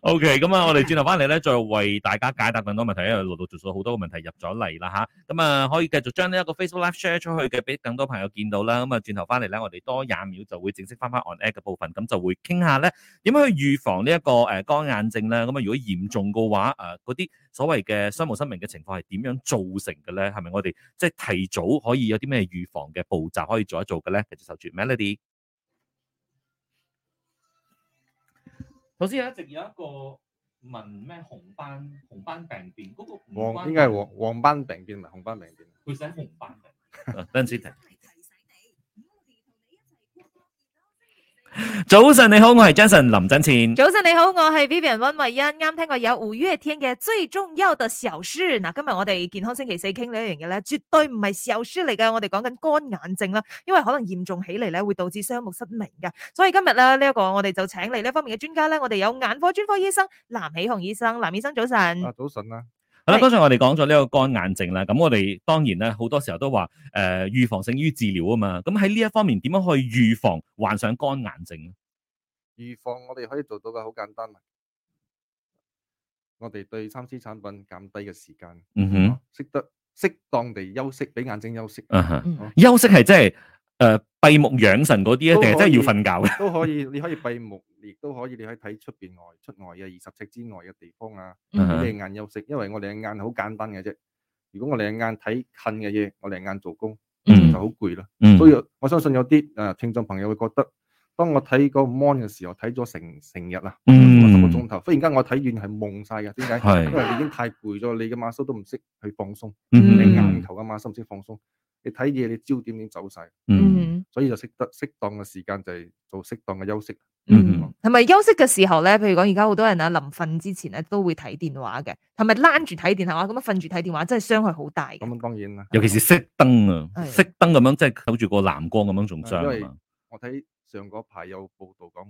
O K，咁啊，我哋轉頭翻嚟咧，再為大家解答更多問題。因為陸陸續續好多嘅問題入咗嚟啦，吓咁啊，可以繼續將呢一個 Facebook Live share 出去嘅，俾更多朋友見到啦。咁、嗯、啊，轉頭翻嚟咧，我哋多廿秒就會正式翻翻 on app 嘅部分咁。就會傾下咧，點樣去預防呢、這、一個誒乾、呃、眼症咧？咁、嗯、啊，如果嚴重嘅話，誒嗰啲所謂嘅雙目失明嘅情況係點樣造成嘅咧？係咪我哋即係提早可以有啲咩預防嘅步驟可以做一做嘅咧？其實守住 Melody，頭先一直有一個問咩紅斑紅斑病變嗰、那個黃應該係黃黃斑病變唔係紅斑病變，佢寫紅斑，等陣先、 啊、停。早晨你好，我係 Jason 林振前。早晨你好，我係 Vivian 溫慧欣。啱聽過有五月天嘅最重要的小事。嗱，今日我哋健康星期四傾呢一樣嘢咧，絕對唔係小事嚟嘅。我哋講緊乾眼症啦，因為可能嚴重起嚟咧，會導致雙目失明嘅。所以今日啦，呢一個我哋就請嚟呢方面嘅專家咧，我哋有眼科專科醫生藍喜紅醫生，藍醫生早晨。啊，早晨啊。好啦，剛才我哋講咗呢個乾眼症啦，咁我哋當然咧好多時候都話，誒、呃，預防勝於治療啊嘛。咁喺呢一方面，點樣去預防患上乾眼症咧？預防我哋可以做到嘅好簡單、mm hmm. 啊！我哋對三 C 產品減低嘅時間，嗯哼，識得適當地休息，俾眼睛休息，嗯哼，休息係即係。誒，閉目養神嗰啲啊，定係真係要瞓覺咧？都可以，你可以閉目，亦都可以。你可以睇出邊外出外嘅二十尺之外嘅地方啊，你眼休息。因為我哋嘅眼好簡單嘅啫。如果我哋嘅眼睇近嘅嘢，我哋嘅眼做工就好攰啦。所以我相信有啲啊，聽眾朋友會覺得，當我睇個 mon 嘅時候，睇咗成成日啦，十個鐘頭，忽然間我睇完係矇晒㗎，點解？係因為你已經太攰咗，你嘅馬蘇都唔識去放鬆，你眼頭嘅馬蘇唔識放鬆。你睇嘢，你焦點已經走晒，嗯、mm，hmm. 所以就適得適當嘅時間就係做適當嘅休息，mm hmm. 嗯，同埋休息嘅時候咧，譬如講而家好多人啊，臨瞓之前咧都會睇電話嘅，係咪攬住睇電話咁啊？瞓住睇電話真係傷害好大咁啊，當然啦，尤其是熄燈啊，熄燈咁樣即係守住個藍光咁樣仲傷啊嘛。因為我睇上嗰排有報道講，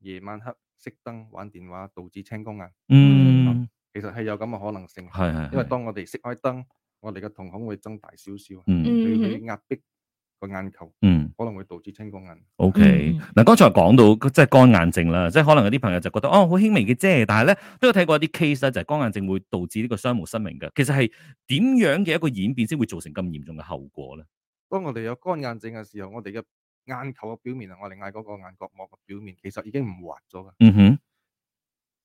夜晚黑熄燈玩電話導致青光眼，嗯，其實係有咁嘅可能性，係係，因為當我哋熄開燈。的我哋嘅瞳孔會增大少少，嗯，俾佢壓迫個眼球，嗯，可能會導致青光眼。OK，嗱剛才講到即係乾眼症啦，即係可能有啲朋友就覺得哦好輕微嘅啫，但係咧都有睇過一啲 case 咧，就係乾眼症會導致呢個雙目失明嘅。其實係點樣嘅一個演變先會造成咁嚴重嘅後果咧？當我哋有乾眼症嘅時候，我哋嘅眼球嘅表面啊，我哋嗌嗰個眼角膜嘅表面，其實已經唔滑咗噶。嗯哼。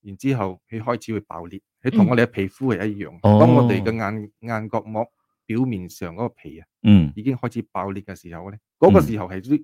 然之後佢開始會爆裂，佢同我哋嘅皮膚係一樣。當我哋嘅眼、哦、眼角膜表面上嗰個皮啊，嗯，已經開始爆裂嘅時候咧，嗰、嗯、個時候係啲。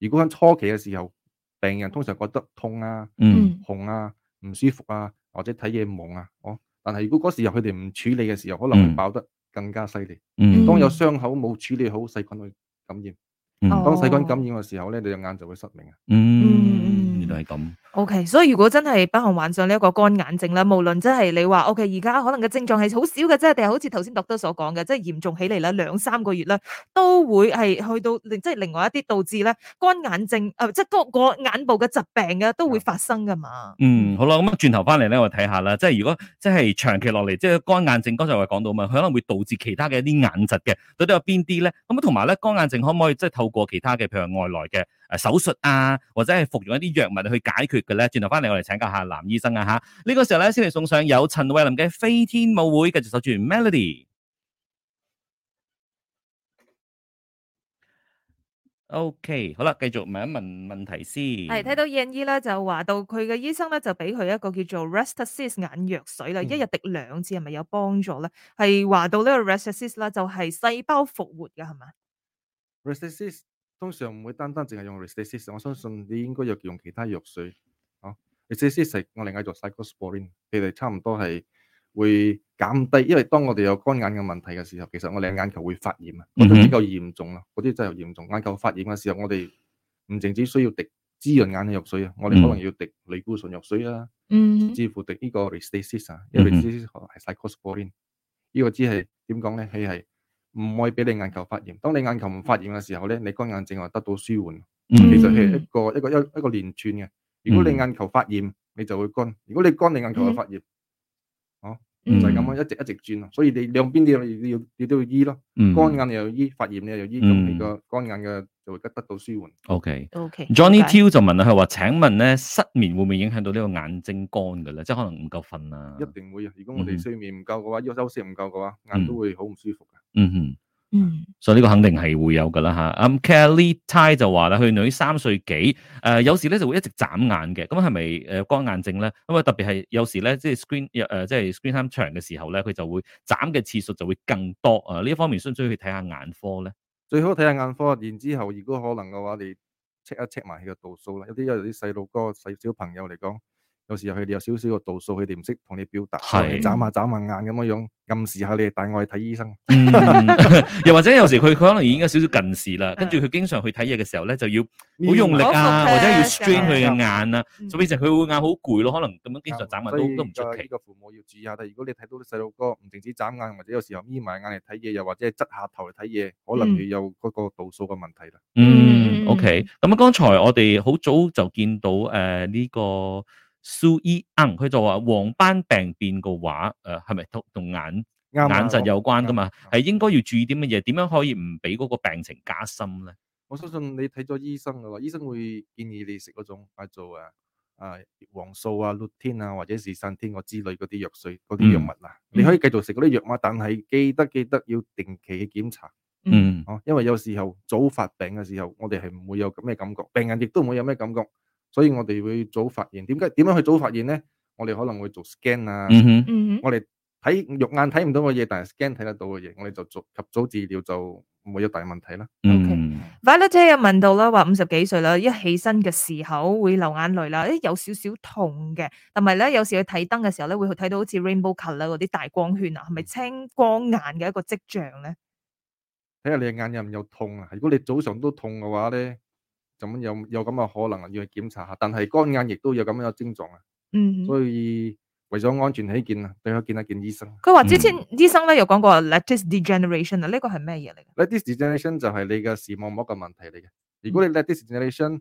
如果喺初期嘅時候，病人通常覺得痛啊、嗯、紅啊、唔舒服啊，或者睇嘢矇啊，哦。但係如果嗰時候佢哋唔處理嘅時候，可能會爆得更加犀利。嗯。當有傷口冇處理好，細菌去感染。哦、嗯。嗯、當細菌感染嘅時候咧，你隻眼就會失明啊。嗯。嗯嗯就係咁。O、okay, K，所以如果真係不幸患上呢一個乾眼症咧，無論即係你話 O K，而家可能嘅症狀係好少嘅，即係定係好似頭先 doctor 所講嘅，即係嚴重起嚟啦，兩三個月啦，都會係去到即係、就是、另外一啲導致咧乾眼症，誒、呃，即係各個眼部嘅疾病嘅、啊、都會發生噶嘛。嗯，好啦，咁轉頭翻嚟咧，我睇下啦，即係如果即係長期落嚟，即係乾眼症剛才我講到嘛，佢可能會導致其他嘅一啲眼疾嘅，到底有邊啲咧？咁同埋咧，乾眼症可唔可以即係透過其他嘅，譬如外來嘅？誒、啊，手術啊，或者係服用一啲藥物去解決嘅咧。轉頭翻嚟，我嚟請教下男醫生啊吓。呢、這個時候咧，先嚟送上有陳慧琳嘅飛天舞會，繼續守住 Melody。OK，好啦，繼續問一問問題先。係睇到燕醫咧，就話到佢嘅醫生咧，就俾佢一個叫做 Restasis 眼藥水啦，嗯、一日滴兩次，係咪有幫助咧？係話到呢個 Restasis 啦，就係細胞復活嘅係咪？Restasis 通常唔會單單淨係用 Restasis，我相信你應該要用其他藥水。哦、啊、Restasis 我哋嗌做 Cyclosporin 佢哋差唔多係會減低。因為當我哋有乾眼嘅問題嘅時候，其實我哋嘅眼球會發炎啊，嗰啲比較嚴重啦，嗰啲真係嚴重。眼球發炎嘅時候，我哋唔淨止需要滴滋潤眼嘅藥水啊，我哋可能要滴類固醇藥水啊，甚、嗯、哼至乎滴呢個 Restasis 啊，因為 Restasis 係 Cyclosporin 呢個只係點講呢？佢係。唔可以畀你眼球發炎。當你眼球唔發炎嘅時候咧，你乾眼症又得到舒緩。其實係一個一個一個連串嘅。如果你眼球發炎，你就會乾；如果你乾，你眼球會發炎，哦。嗯、就係咁樣，一直一直轉啊，所以你兩邊你要要都要醫咯，乾、嗯、眼又醫，發炎你又醫，咁、嗯、你個乾眼嘅就會得得到舒緩。O K O K Johnny T 歉就問下佢話，請問咧失眠會唔會影響到呢個眼睛乾嘅咧？即係可能唔夠瞓啊？一定會啊！如果我哋睡眠唔夠嘅話，休息唔夠嘅話，嗯、眼都會好唔舒服嘅。嗯哼。嗯，所以呢個肯定係會有噶啦吓。咁 Kelly Tye 就話啦，佢女三歲幾，誒、呃，有時咧就會一直眨眼嘅。咁係咪誒乾眼症咧？咁、嗯、啊，特別係有時咧，即係 screen 誒、呃，即係 screen time 長嘅時候咧，佢就會眨嘅次數就會更多啊。呢一方面需唔需要去睇下眼科咧？最好睇下眼科，然之後如果可能嘅話，你 check 一 check 埋佢個度數啦。有啲有啲細路哥、細小朋友嚟講，有時佢哋有少少嘅度數，佢哋唔識同你表達，係是眨下眨下眼咁樣。暗示下你哋帶我去睇醫生， 又或者有時佢佢可能已經有少少近視啦，跟住佢經常去睇嘢嘅時候咧，就要好用力啊，嗯、或者要 strain 佢嘅、嗯、眼啊，所以變成佢會眼好攰咯。可能咁樣經常眨眼都都唔出奇。嗯、個父母要注意下。但如果你睇到啲細路哥唔停止眨眼，或者有時候眯埋眼嚟睇嘢，又或者係側下頭嚟睇嘢，可能要有嗰個度數嘅問題啦。嗯，OK。咁啊，剛才我哋好早就見到誒呢、呃這個。蘇伊嗯，佢就話黃斑病變嘅話，誒係咪同同眼、嗯、眼疾有關噶嘛？係、嗯嗯、應該要注意啲乜嘢，點樣可以唔俾嗰個病情加深咧？我相信你睇咗醫生嘅話，醫生會建議你食嗰種叫做誒誒黃素啊、六天啊，或者是散天我之類嗰啲藥水嗰啲藥物啦。嗯、你可以繼續食嗰啲藥物，但係記得記得要定期檢查。嗯，哦、嗯，因為有時候早發病嘅時候，我哋係唔會有咁嘅感覺，病人亦都唔會有咩感覺。所以我哋會早發現，點解？點樣去早發現咧？我哋可能會做 scan 啊，我哋睇肉眼睇唔到嘅嘢，但係 scan 睇得到嘅嘢，我哋就做及早治療，就唔會有大問題啦。嗯，Violet 姐有問到啦，話五十幾歲啦，一起身嘅時候會流眼淚啦，有少少痛嘅，同埋咧，有時去睇燈嘅時候咧，會去睇到好似 rainbow cut 啦，嗰啲大光圈啊，係咪青光眼嘅一個跡象咧？睇下你嘅眼有唔有痛啊？如果你早上都痛嘅話咧，咁有有咁嘅可能，要去檢查下。但係乾眼亦都有咁樣嘅症狀啊。嗯哼，所以為咗安全起見啊，最好見一見醫生。佢話之前、嗯、醫生咧有講過 lattice degeneration 啊，呢個係咩嘢嚟嘅？lattice degeneration 就係你嘅視網膜嘅問題嚟嘅。如果你 lattice degeneration，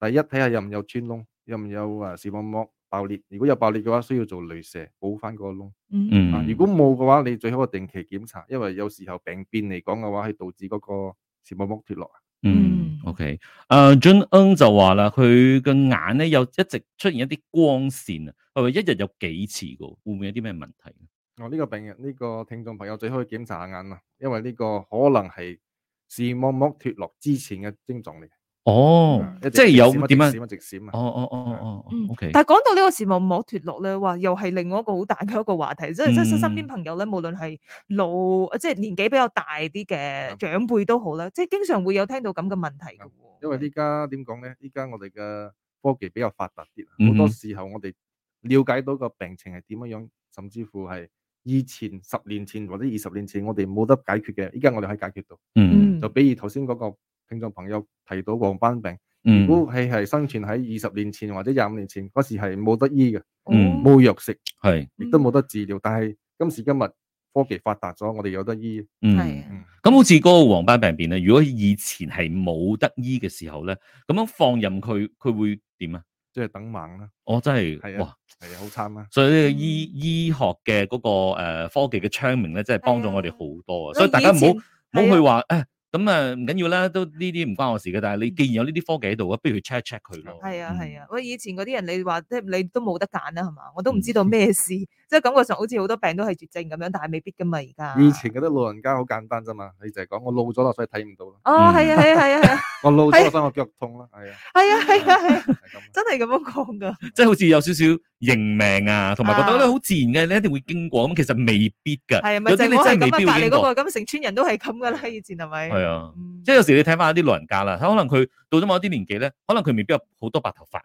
第一睇下有唔有穿窿，有唔有啊視網膜爆裂？如果有爆裂嘅話，需要做鐳射補翻個窿。嗯哼、啊、如果冇嘅話，你最好定期檢查，因為有時候病變嚟講嘅話，係導致嗰個視網膜脫落。嗯，OK，誒、uh，John，N 就話啦，佢嘅眼咧又一直出現一啲光線啊，係咪一日有幾次噶？會唔會有啲咩問題？哦、呢、這個病人，呢、這個聽眾朋友最好去檢查下眼啦，因為呢個可能係視網膜脫落之前嘅症狀嚟。哦，即係有點樣？一直閃。哦哦哦哦哦，O K。但係講到呢個視網膜脱落咧，話又係另外一個好大嘅一個話題。即係即係身邊朋友咧，無論係老，即係年紀比較大啲嘅長輩都好啦，即係經常會有聽到咁嘅問題。因為依家點講咧？依家我哋嘅科技比較發達啲，好多時候我哋了解到個病情係點樣樣，甚至乎係以前十年前或者二十年前我哋冇得解決嘅，依家我哋可以解決到。嗯嗯。就比如頭先嗰個。聽眾朋友提到黃斑病，如果佢係生存喺二十年前或者廿五年前嗰時係冇得醫嘅，冇藥食，係亦都冇得治療。但係今時今日科技發達咗，我哋有得醫。嗯，咁好似嗰個黃斑病變咧，如果以前係冇得醫嘅時候咧，咁樣放任佢，佢會點啊？即係等盲啦。我真係哇，係啊，好慘啊！所以呢醫醫學嘅嗰個誒科技嘅昌明咧，真係幫咗我哋好多啊！所以大家唔好好去話誒。咁啊，唔緊要啦，都呢啲唔關我事嘅。但係你既然有呢啲科技喺度，不如去 check check 佢咯。係啊係啊，喂、以前嗰啲人，你話即係你都冇得揀啦，係嘛？我都唔知道咩事，即係感覺上好似好多病都係絕症咁樣，但係未必噶嘛。而家以前嗰啲老人家好簡單啫嘛，你就係講我老咗啦，所以睇唔到咯。哦，係啊係啊係啊係啊，我老咗，所以我腳痛啦。係啊係 啊係啊係，啊啊啊 真係咁樣講噶，即係好似有少少。認命啊，同埋覺得咧好自然嘅，你一定會經過咁，其實未必噶。係咪淨你真係咁啊？白髮嚟嗰個咁，成村人都係咁噶啦，以前係咪？係啊，嗯、即係有時你睇翻啲老人家啦，可能佢到咗某啲年紀咧，可能佢未必有好多白頭髮，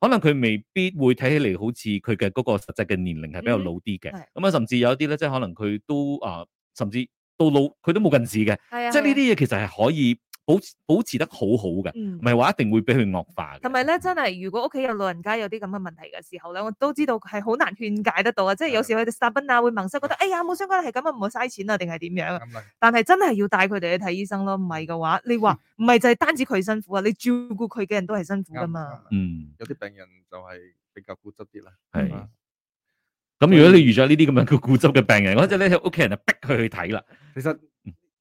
可能佢未必會睇起嚟好似佢嘅嗰個實際嘅年齡係比較老啲嘅。咁啊、嗯，甚至有一啲咧，即係可能佢都啊、呃，甚至到老佢都冇近視嘅。係啊，即係呢啲嘢其實係可以。保保持得好好嘅，唔係話一定會俾佢惡化嘅。同埋咧，真係如果屋企有老人家有啲咁嘅問題嘅時候咧，我都知道係好難勸解得到啊！的即係有時我哋阿斌啊會盲塞，覺得哎呀冇相關係咁啊，唔好嘥錢啊，定係點樣？咁、嗯、但係真係要帶佢哋去睇醫生咯，唔係嘅話，你話唔係就係單止佢辛苦啊，你照顧佢嘅人都係辛苦噶嘛。嗯，有啲病人就係比較固執啲啦。係，咁如果你遇咗呢啲咁樣叫固執嘅病人，或者咧，屋企人就逼佢去睇啦。其實。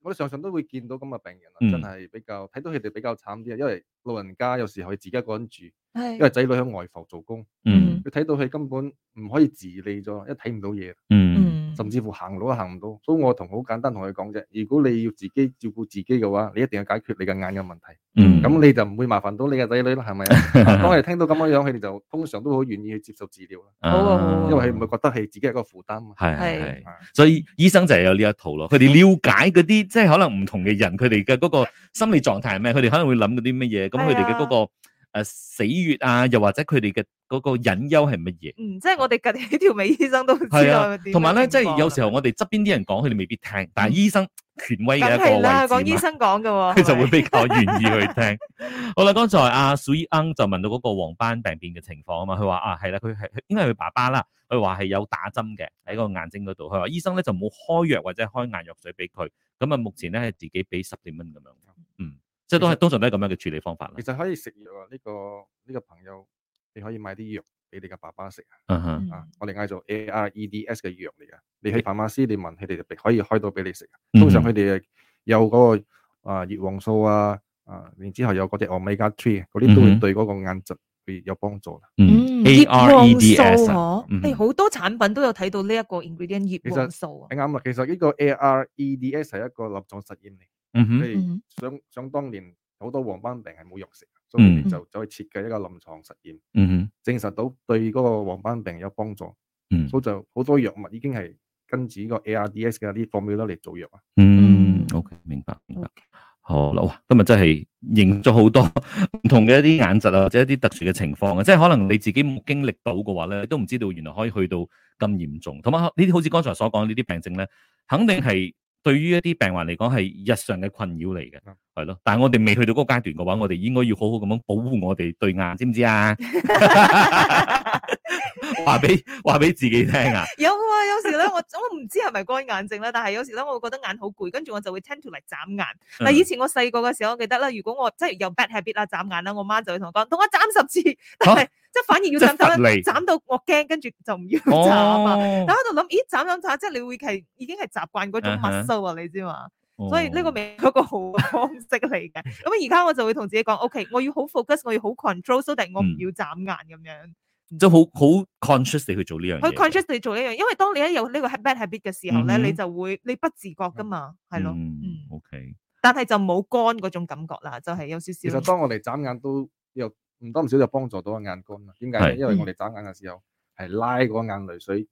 我哋常常都會見到咁嘅病人啊，嗯、真係比較睇到佢哋比較慘啲，因為老人家有時候佢自己一個人住，是的 因為仔女喺外埠做工，佢睇、嗯、到佢根本唔可以自理咗，一睇唔到嘢。嗯甚至乎行路都行唔到，所以我同好簡單同佢講啫。如果你要自己照顧自己嘅話，你一定要解決你嘅眼嘅問題。嗯，咁你就唔會麻煩到你嘅仔女啦，係咪啊？ 當佢聽到咁樣樣，佢哋就通常都好願意去接受治療啦。好啊， 因為佢唔會覺得係自己係一個負擔啊。係係， 所以醫生就係有呢一套咯。佢哋了解嗰啲即係可能唔同嘅人，佢哋嘅嗰個心理狀態係咩？佢哋可能會諗到啲乜嘢？咁佢哋嘅嗰個。 誒、呃，死穴啊，又或者佢哋嘅嗰個隱憂係乜嘢？嗯，即係我哋隔籬條尾醫生都知啊，同埋咧，即係有時候我哋側邊啲人講，佢哋未必聽，但係醫生權威嘅一個位置。咁係啦，講嘛醫生講嘅，佢就會比較願意去聽。 好啦，剛才阿蘇恩就問到嗰個黃斑病變嘅情況啊嘛，佢話啊係啦，佢係因為佢爸爸啦，佢話係有打針嘅喺個眼睛嗰度，佢話醫生咧就冇開藥或者開眼藥水俾佢，咁啊目前咧係自己俾十幾蚊咁樣。即係都係通常都係咁樣嘅處理方法啦。其實可以食藥啊，呢、這個呢、這個朋友你可以買啲藥俾你嘅爸爸食、uh huh. 啊。我哋嗌做 A R E D S 嘅藥嚟嘅。你喺法馬斯，你問佢哋就可以開到俾你食。通常佢哋有嗰、那個啊葉、呃、黃素啊，啊，然後之後有嗰啲 Omega three 嗰啲都會對嗰個眼疾會有幫助。嗯，A R E D S 好多產品都有睇到呢一個 ingredient 葉黃素啊。啱啦，其實呢個 A R E D S 係一個臨牀實驗嚟。嗯哼，想、嗯、哼想，想當年好多黃斑病係冇藥食，所以就走去設計一個臨床實驗，嗯哼，實嗯哼證實到對嗰個黃斑病有幫助，嗯哼，所以就好多藥物已經係跟住呢個 ARDS 嘅啲 formula 嚟做藥啊，嗯以，OK，明白明白，好啦，今日真係認咗好多唔同嘅一啲眼疾啊，或者一啲特殊嘅情況啊，即係可能你自己冇經歷到嘅話咧，都唔知道原來可以去到咁嚴重，同埋呢啲好似剛才所講呢啲病症咧，肯定係。對於一啲病患嚟講係日常嘅困擾嚟嘅，係咯。但係我哋未去到嗰個階段嘅話，我哋應該要好好咁樣保護我哋對眼，知唔知啊？ 話俾話俾自己聽啊！ 有啊，有時咧，我我唔知係咪乾眼症啦，但係有時咧，我會覺得眼好攰，跟住我就會 tend to 嚟、like、眨眼。嗱，以前我細個嘅時候，我記得啦，如果我即係又 bad habit 啦，眨眼啦，我媽就會同我講，同我眨十次，但係、啊、即係反而要眨十次，眨到我驚，跟住就唔要眨啊。哦、但喺度諗，咦，眨眨眨，即係你會係已經係習慣嗰種 muscle 啊，uh huh. 你知嘛？哦、所以呢個未一個好方式嚟嘅。咁而家我就會同自己講，OK，我要好 focus，我要好 control，、so、我唔要眨眼咁樣。嗯就好好 conscious 地去做呢樣，去 conscious 地做呢樣，因為當你一有呢個 bad habit 嘅時候咧，你就會你不自覺噶嘛，係咯。嗯，OK。但係就冇乾嗰種感覺啦，就係有少少。其實當我哋眨眼都又唔多唔少就幫助到個眼乾啦。點解？因為我哋眨眼嘅時候係拉嗰個眼淚水，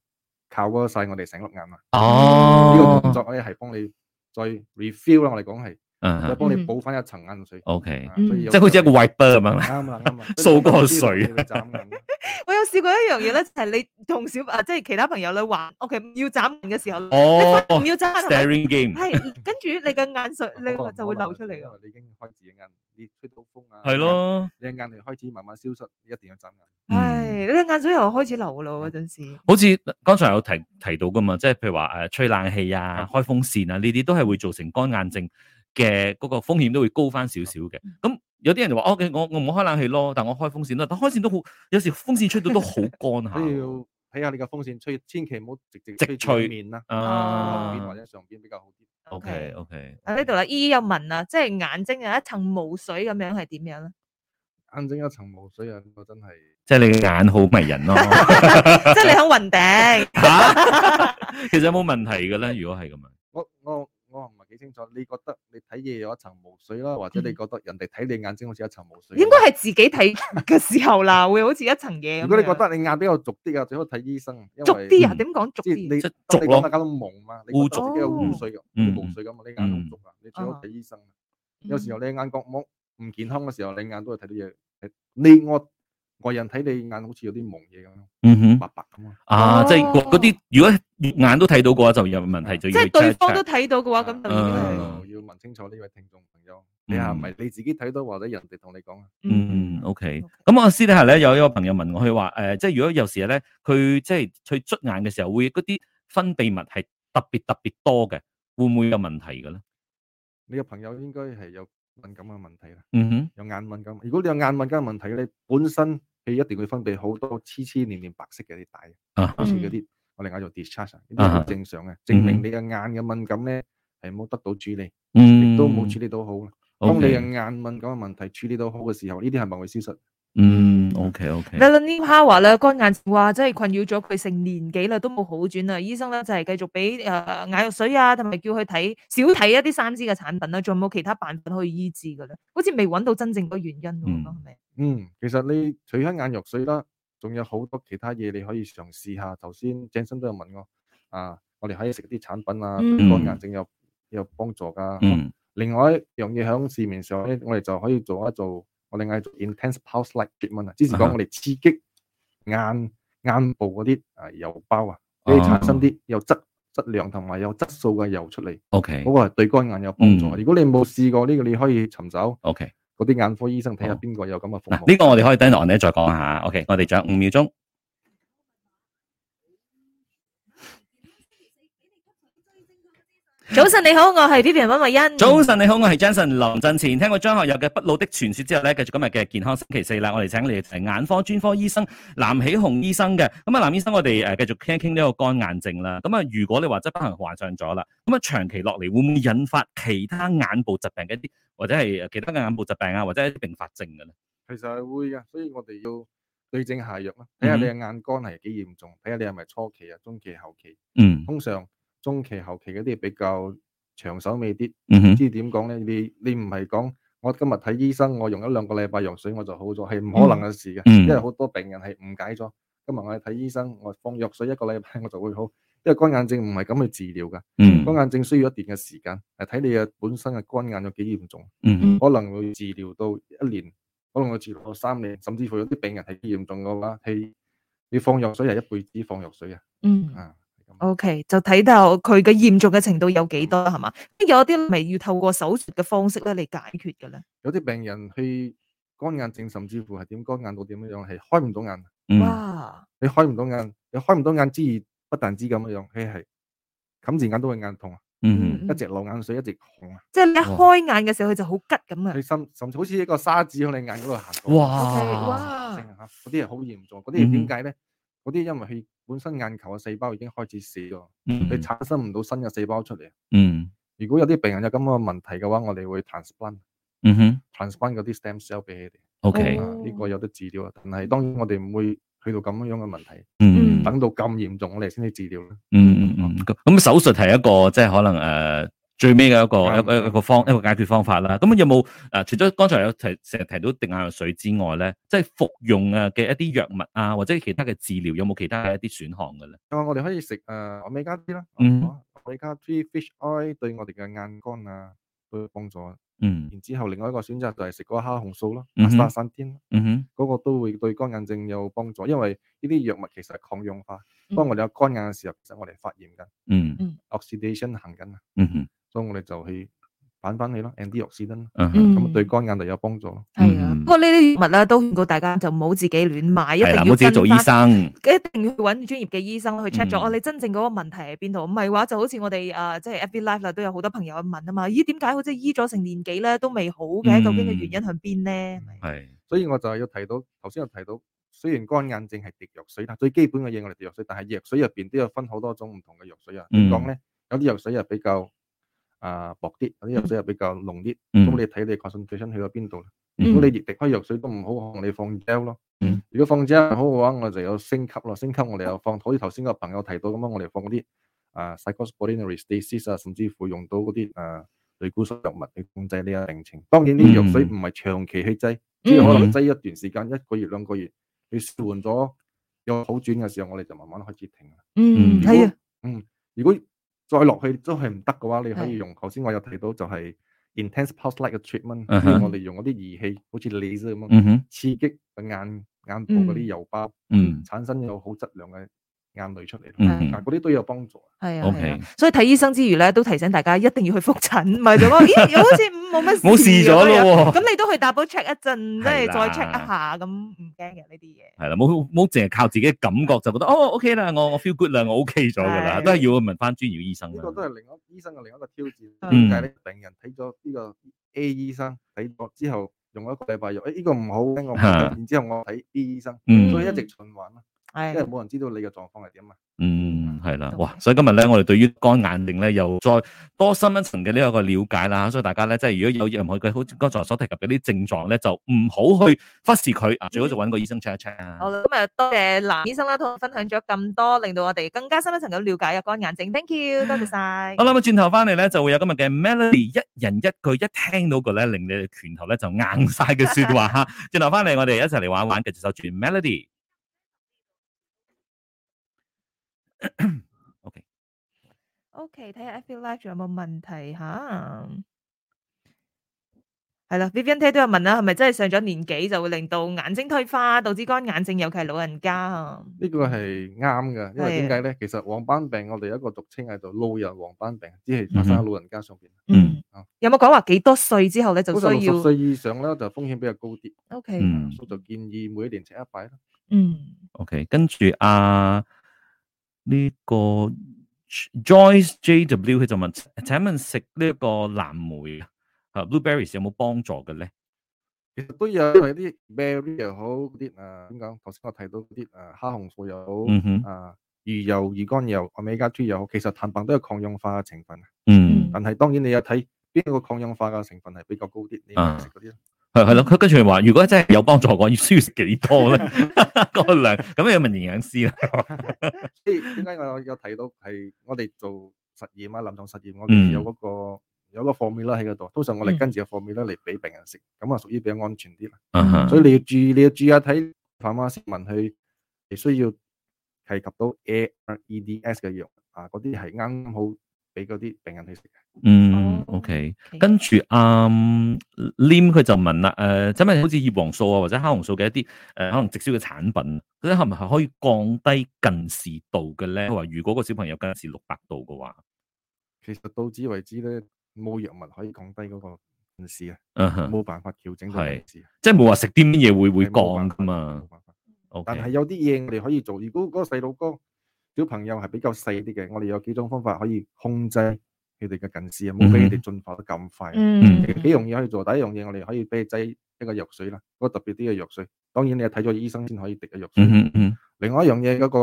靠嗰個細我哋成粒眼啊。哦。呢個動作可以係幫你再 refill 啦。我哋講係。嗯，就幫你補翻一層眼水。O K，所以即係好似一個 wiper 咁樣，啱啦，掃個水斬眼。我有試過一樣嘢咧，就係你同小啊，即係其他朋友咧玩。O K，要眨眼嘅時候，你唔要眨。Staring game 係跟住你嘅眼水，你就會流出嚟噶。你已經開始眼，你吹到風啊，係咯，你眼淚開始慢慢消失，一定要眨眼。係你眼水又開始流啦，嗰陣時。好似剛才有提提到噶嘛，即係譬如話誒吹冷氣啊、開風扇啊呢啲都係會造成乾眼症。嘅嗰個風險都會高翻少少嘅，咁、啊、有啲人就話，OK，我我唔好開冷氣咯，但我開風扇咯，但開扇都好，有時風扇吹到都好乾下。你要睇下你個風扇吹，千祈唔好直直直吹面啦，下邊、啊啊、或者上邊比較好啲。OK，OK okay, okay,、啊。呢度啦，姨、e、姨又問啦，即係眼睛有一層霧水咁樣係點樣咧？眼睛一層霧水啊，我、這個、真係，即係你眼好迷人咯，即係你喺雲頂。其實有冇問題嘅咧？如果係咁啊，我我。我唔係幾清楚，你覺得你睇嘢有一層霧水啦，或者你覺得人哋睇你眼睛好似一層霧水？應該係自己睇嘅時候啦， 會好似一層嘢。如果你覺得你眼比較濁啲啊，最好睇醫生。濁啲啊？嗯、你點講濁啲？你係濁咯。大家都蒙嘛，你覺得自己有霧水嘅，有霧、哦、水咁啊，你眼好濁啊，嗯、你最好睇醫生。嗯、有時候你眼角膜唔健康嘅時候，你眼都會睇啲嘢。你我。外人睇你眼好似有啲蒙嘢咁樣，白白咁啊，即係嗰嗰啲如果眼都睇到嘅話就有問題，就即係對方都睇到嘅話咁，嗯，要問清楚呢位聽眾朋友，你係咪你自己睇到或者人哋同你講啊？嗯嗯，OK。咁我私底下咧有一個朋友問我，佢話誒，即係如果有時咧佢即係佢捽眼嘅時候會嗰啲分泌物係特別特別多嘅，會唔會有問題嘅咧？你個朋友應該係有敏感嘅問題啦。嗯哼，有眼敏感，如果你有眼敏感嘅問題，你本身。佢一定會分泌好多黐黐黏黏白色嘅啲帶，好似嗰啲我哋嗌做 discharge，呢啲係正常嘅，證明你嘅眼嘅敏感咧係冇得到處理，亦都冇處理到好。當你嘅眼敏感嘅問題處理到好嘅時候，呢啲係會消失。嗯，OK OK。但係呢 part 話咧，乾眼話真係困擾咗佢成年幾啦，都冇好轉啊！醫生咧就係繼續俾誒眼藥水啊，同埋叫佢睇少睇一啲三 D 嘅產品啦，仲有冇其他辦法可以醫治嘅咧？好似未揾到真正個原因咯，係咪？嗯，其實你除開眼藥水啦，仲有好多其他嘢你可以嘗試下。頭先鄭生都有問我，啊，我哋可以食啲產品啊，對乾眼症有有幫助噶。嗯，嗯另外一樣嘢響市面上咧，我哋就可以做一做，我哋嗌做 intense pulse light treatment，之前講我哋刺激眼、啊、眼部嗰啲啊油包啊，可以產生啲有質質、啊、量同埋有質素嘅油出嚟。OK，嗰個係對乾眼有幫助。嗯、如果你冇試過呢個，你可以尋找。OK。嗰啲眼科醫生睇下邊個有咁嘅服務。嗱、啊，呢、這個我哋可以等落嚟再講一下。OK，我哋仲有五秒鐘。早晨你好，我係 B B 溫慧欣。早晨你好，我係 Jensen 林振前。聽過張學友嘅《不老的傳說》之後呢，繼續今日嘅健康星期四啦。我哋請你眼科專科醫生藍喜紅醫生嘅。咁啊，藍醫生，醫生我哋誒繼續傾一傾呢個乾眼症啦。咁啊，如果你話真係不幸患上咗啦，咁啊長期落嚟，會唔會引發其他眼部疾病嘅一啲，或者係其他嘅眼部疾病啊，或者一啲併發症嘅咧？其實係會噶，所以我哋要對症下藥啦。睇下你嘅眼乾係幾嚴重，睇下你係咪初期啊、中期、後期。嗯。通常。中期、後期嗰啲比較長手尾啲，唔知點講呢？你你唔係講我今日睇醫生，我用一兩個禮拜藥水我就好咗，係唔可能嘅事嘅。嗯嗯、因為好多病人係誤解咗，今日我係睇醫生，我放藥水一個禮拜我就會好。因為乾眼症唔係咁去治療㗎，嗯、乾眼症需要一段嘅時間，係睇你嘅本身嘅乾眼有幾嚴重，嗯嗯、可能會治療到一年，可能會治療到三年，甚至乎有啲病人係嚴重嘅話，係你放藥水係一輩子放藥水啊。嗯啊。O.K. 就睇到佢嘅嚴重嘅程度有幾多係嘛、嗯？有啲咪要透過手術嘅方式咧嚟解決嘅咧？有啲病人去乾眼症，甚至乎係點乾眼到點樣樣，係開唔到眼。哇、嗯！你開唔到眼，你開唔到眼之餘，不但止咁樣樣，佢係冚住眼都會眼痛。嗯嗯。一直流眼水，一直紅啊！嗯、即係你一開眼嘅時候，佢哇就好吉咁啊！佢甚甚至好似一個沙子喺你眼嗰度行。哇！Okay, 哇！嗰啲係好嚴重，嗰啲點解咧？嗰啲因為佢。本身眼球嘅細胞已經開始死咗，嗯、你產生唔到新嘅細胞出嚟。嗯，如果有啲病人有咁嘅問題嘅話，我哋會 transplant。嗯哼 t s p l a n t 嗰啲 stem cell 俾佢哋。O K，呢個有得治療，但係當然我哋唔會去到咁樣嘅問題。嗯，等到咁嚴重我哋先至治療咯。嗯嗯嗯，咁手術係一個即係可能誒。呃最尾嘅一個一一個方一個解決方法啦，咁啊有冇啊？除咗剛才有提成日提到滴眼藥水之外咧，即係服用啊嘅一啲藥物啊，或者其他嘅治療，有冇其他嘅一啲選項嘅咧？啊，我哋可以食誒美加 D 啦，嗯，美加 D fish oil 對我哋嘅眼乾啊都有幫助，嗯。然之後另外一個選擇就係食嗰個蝦紅素啦，嗯哼，生天，嗯哼，嗰個都會對乾眼症有幫助，因為呢啲藥物其實係抗氧化，當我哋有乾眼嘅時候，其實我哋發炎嘅，嗯嗯，oxidation 行緊啊，嗯哼。所以我哋就去反翻去咯，飲啲藥先啦，咁、uh huh. 嗯、對乾眼嚟，有幫助。係啊，不過、嗯、呢啲物啦，都勸告大家就唔好自己亂買，一定要自己做醫生，一定要揾專業嘅醫生去 check 咗哦。你真正嗰個問題係邊度？唔係話就好似我哋啊，即係 every life 啦，都有好多朋友去問啊嘛。咦，點解好似係醫咗成年幾咧都未好嘅？啊嗯、究竟嘅原因向邊咧？係，所以我就係要提到頭先，有提到雖然乾眼症係滴藥水，但最基本嘅嘢，我哋滴藥水，但係藥水入邊都有分好多種唔同嘅藥水啊。點講咧、嗯，有啲藥水又比較。啊，薄啲，啲藥水又比較濃啲，咁你睇你確信最想去到邊度？如果你液滴開藥水都唔好，可能你放 gel 咯。嗯、如果放 gel 唔好嘅話，我就有升級咯。升級我哋又放，好似頭先個朋友提到咁啊，我哋放嗰啲啊 cyclosporine diseases 啊，甚至乎用到嗰啲啊類固醇藥物去控制呢個病情。當然啲藥水唔係長期去劑，即係、嗯嗯、可能劑一段時間，嗯、一個月兩個月，你換咗又好轉嘅時候，我哋就慢慢開始停。嗯，係啊，嗯，如果。如果如果再落去都係唔得嘅話，你可以用頭先我有提到就係 Intense Pulse Light 嘅 treatment 所以我哋用嗰啲儀器，好似鐳射咁樣、uh huh. 刺激眼眼部嗰啲油包，uh huh. 產生有好質量嘅。眼淚出嚟，但嗱，嗰啲都有幫助，係啊，OK，所以睇醫生之餘咧，都提醒大家一定要去復診，咪就咯，咦，好似冇乜事，冇事咗咯，咁你都去 double check 一陣，即係再 check 一下，咁唔驚嘅呢啲嘢，係啦，冇好淨係靠自己感覺就覺得，哦，OK 啦，我我 feel good 啦，我 OK 咗噶啦，都係要問翻專業醫生，呢個都係另一醫生嘅另一個挑戰，但係呢病人睇咗呢個 A 醫生睇過之後，用咗個禮拜藥，誒，呢個唔好，我然之後我睇 B 醫生，嗯，所以一直循環啦。係，即係冇人知道你嘅狀況係點啊！嗯，係啦，哇！所以今日咧，我哋對於乾眼症咧，又再多深一層嘅呢一個了解啦。所以大家咧，即係如果有任何嘅好似剛才所提及嘅啲症狀咧，就唔好去忽視佢啊，最好就揾個醫生 check 一 check 啊。好啦，今日多謝藍醫生啦，同我分享咗咁多，令到我哋更加深一層嘅了解啊，乾眼症，thank you，多謝晒。好啦，咁啊，轉頭翻嚟咧，就會有今日嘅 Melody，一人一句，一聽到一個咧，令你嘅拳頭咧就硬晒嘅說話吓。轉頭翻嚟，我哋一齊嚟玩玩嘅節奏轉 Melody。O K，O K，睇下 I feel life 仲有冇問題吓？係啦，Vivian 聽都有問啦，係咪真係上咗年紀就會令到眼睛退化，導致乾眼症？尤其係老人家啊？呢個係啱嘅，因為點解咧？其實黃斑病我哋有一個俗稱喺度，老人黃斑病，只係發生喺老人家上邊。嗯，有冇講話幾多歲之後咧就需要？歲以上咧就風險比較高啲。O K，我就建議每一年請一塊咯。嗯，O K，跟住阿。呢個 Joyce J W 佢就問，請問食呢個藍莓啊，啊 blueberries 有冇幫助嘅咧？其實都有，因為啲 berry 又好嗰啲啊，點講？頭先我提到啲啊蝦紅素又好，嗯哼啊魚油、魚肝油、Omega two 又好，其實蛋白都有抗氧化嘅成分啊。嗯，但係當然你有睇邊個抗氧化嘅成分係比較高啲，你食嗰啲咯。係係咯，佢跟住話，如果真係有幫助嘅，要需要食幾多咧？個量咁要問營養師啦。所以點解我有有提到係我哋做實驗啦，臨床實驗我哋有嗰、那個、嗯、有個貨苗啦喺嗰度，通常我哋跟住個貨苗咧嚟俾病人食，咁啊屬於比較安全啲。啊、哈所以你要注意，你要注意下睇泛翻新聞去，係需要提及到 A、E、D、S 嘅藥啊，嗰啲係啱好。俾嗰啲病人去食、嗯 okay 嗯。嗯，OK。跟住，嗯，Lim 佢就問啦，誒、呃，即係好似葉黃素啊或者蝦紅素嘅一啲，誒、呃，可能直銷嘅產品，嗰啲係咪係可以降低近視度嘅咧？佢話如果個小朋友近視六百度嘅話，其實到此為止咧，冇藥物可以降低嗰個近視啊。冇辦法調整近視，即係冇話食啲乜嘢會會降噶嘛。Okay. 但係有啲嘢我哋可以做。如果嗰個細路哥，小朋友係比較細啲嘅，我哋有幾種方法可以控制佢哋嘅近視，唔好俾佢哋進化得咁快。幾、嗯、容易可以做，第一樣嘢，我哋可以俾佢劑一個藥水啦，嗰個特別啲嘅藥水。當然你睇咗醫生先可以滴嘅藥水。嗯嗯、另外一樣嘢嗰、那個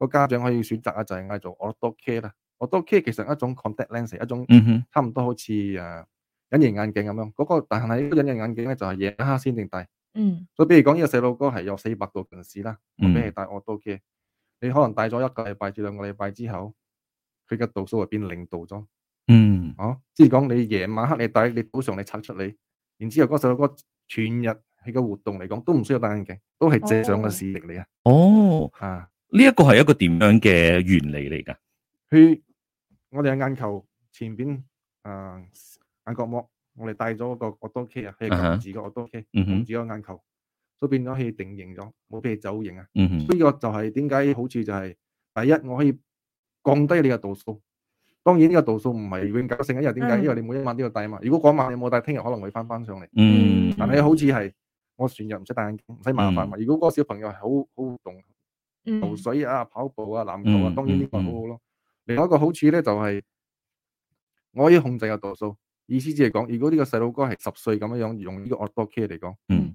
那個家長可以選擇啊，就係嗌做 Ortho-K 啦。Ortho-K 其實一種 contact lens，一種差唔多好似誒、啊嗯嗯、隱形眼鏡咁樣。嗰、那個但係隱形眼鏡咧就係夜黑先至戴。嗯。所以比如講呢個細路哥係有四百度近視啦，我俾你戴 Ortho-K。你可能戴咗一個禮拜至兩個禮拜之後，佢嘅度數係變零度咗。嗯，啊，即係講你夜晚黑你戴，你早上你拆出嚟，然之後嗰首歌全日喺個活動嚟講，都唔需要戴眼鏡，都係正常嘅視力嚟啊。哦，吓、啊，呢一個係一個點樣嘅原理嚟噶？佢我哋嘅眼球前邊啊、呃，眼角膜我哋戴咗個個多 K 啊，四個字嘅多 K，控制個眼球。都變咗去定型咗，冇俾佢走形啊。嗯，呢個就係點解好處就係，第一我可以降低你嘅度數。當然呢個度數唔係永久性，因為點解？因為你每一晚都要戴啊嘛。如果嗰晚你冇戴，聽日可能會翻翻上嚟。嗯，但係好似係我全日唔使戴眼鏡，唔使麻煩嘛。如果嗰個小朋友係好好動，游水啊、跑步啊、籃球啊，當然呢個好好咯。另外一個好處咧就係，我可以控制個度數，意思即係講，如果呢個細路哥係十歲咁樣樣用呢個 Ortho-K 嚟講，嗯。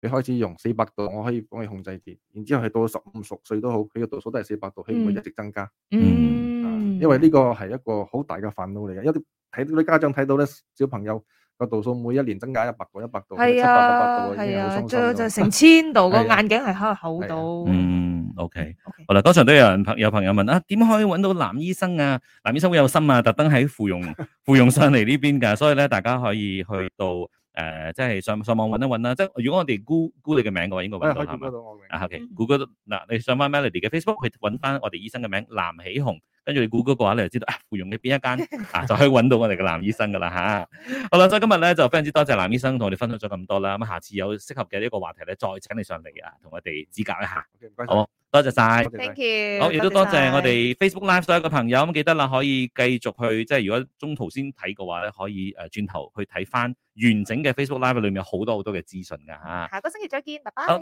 你開始用四百度，我可以幫你控制住。然之後去到十五、十六歲都好，佢嘅度數都係四百度，希望、嗯、會一直增加。嗯因，因為呢個係一個好大嘅煩惱嚟嘅。一啲睇到啲家長睇到咧，小朋友個度數每一年增加一百度、一百、啊、度、七百八百度，已經好傷心、啊。就就成千度鏡，個眼鏡係黑厚度。啊啊、嗯，OK，好啦，當場都有人朋友有朋友問啊，點可以揾到男醫生啊？男醫生會有心啊，特登喺芙蓉芙蓉山嚟呢邊噶， 所以咧大家可以去到。誒、呃，即係上上網揾一揾啦，即係如果我哋 Google Google 嘅名嘅話應該，應該搵到啦。是是啊，到我名。嗯、Google, 啊 OK，Google 嗱，你上翻 Melody 嘅 Facebook，去揾翻我哋醫生嘅名藍喜紅，跟住你 Google 嘅話，你就知道啊芙蓉嘅邊一間 啊，就可以搵到我哋嘅藍醫生噶啦吓。好啦，所以今日咧就非常之多謝藍醫生同我哋分享咗咁多啦。咁下次有適合嘅一個話題咧，再請你上嚟啊，同我哋指教一下。Okay, 好吧。多謝晒，thank you。好，亦都多謝我哋 Facebook Live 所有嘅朋友，咁記得啦，可以繼續去，即係如果中途先睇嘅話咧，可以誒轉頭去睇返完整嘅 Facebook Live，裏面有好多好多嘅資訊噶吓。下個星期再見，拜拜。好。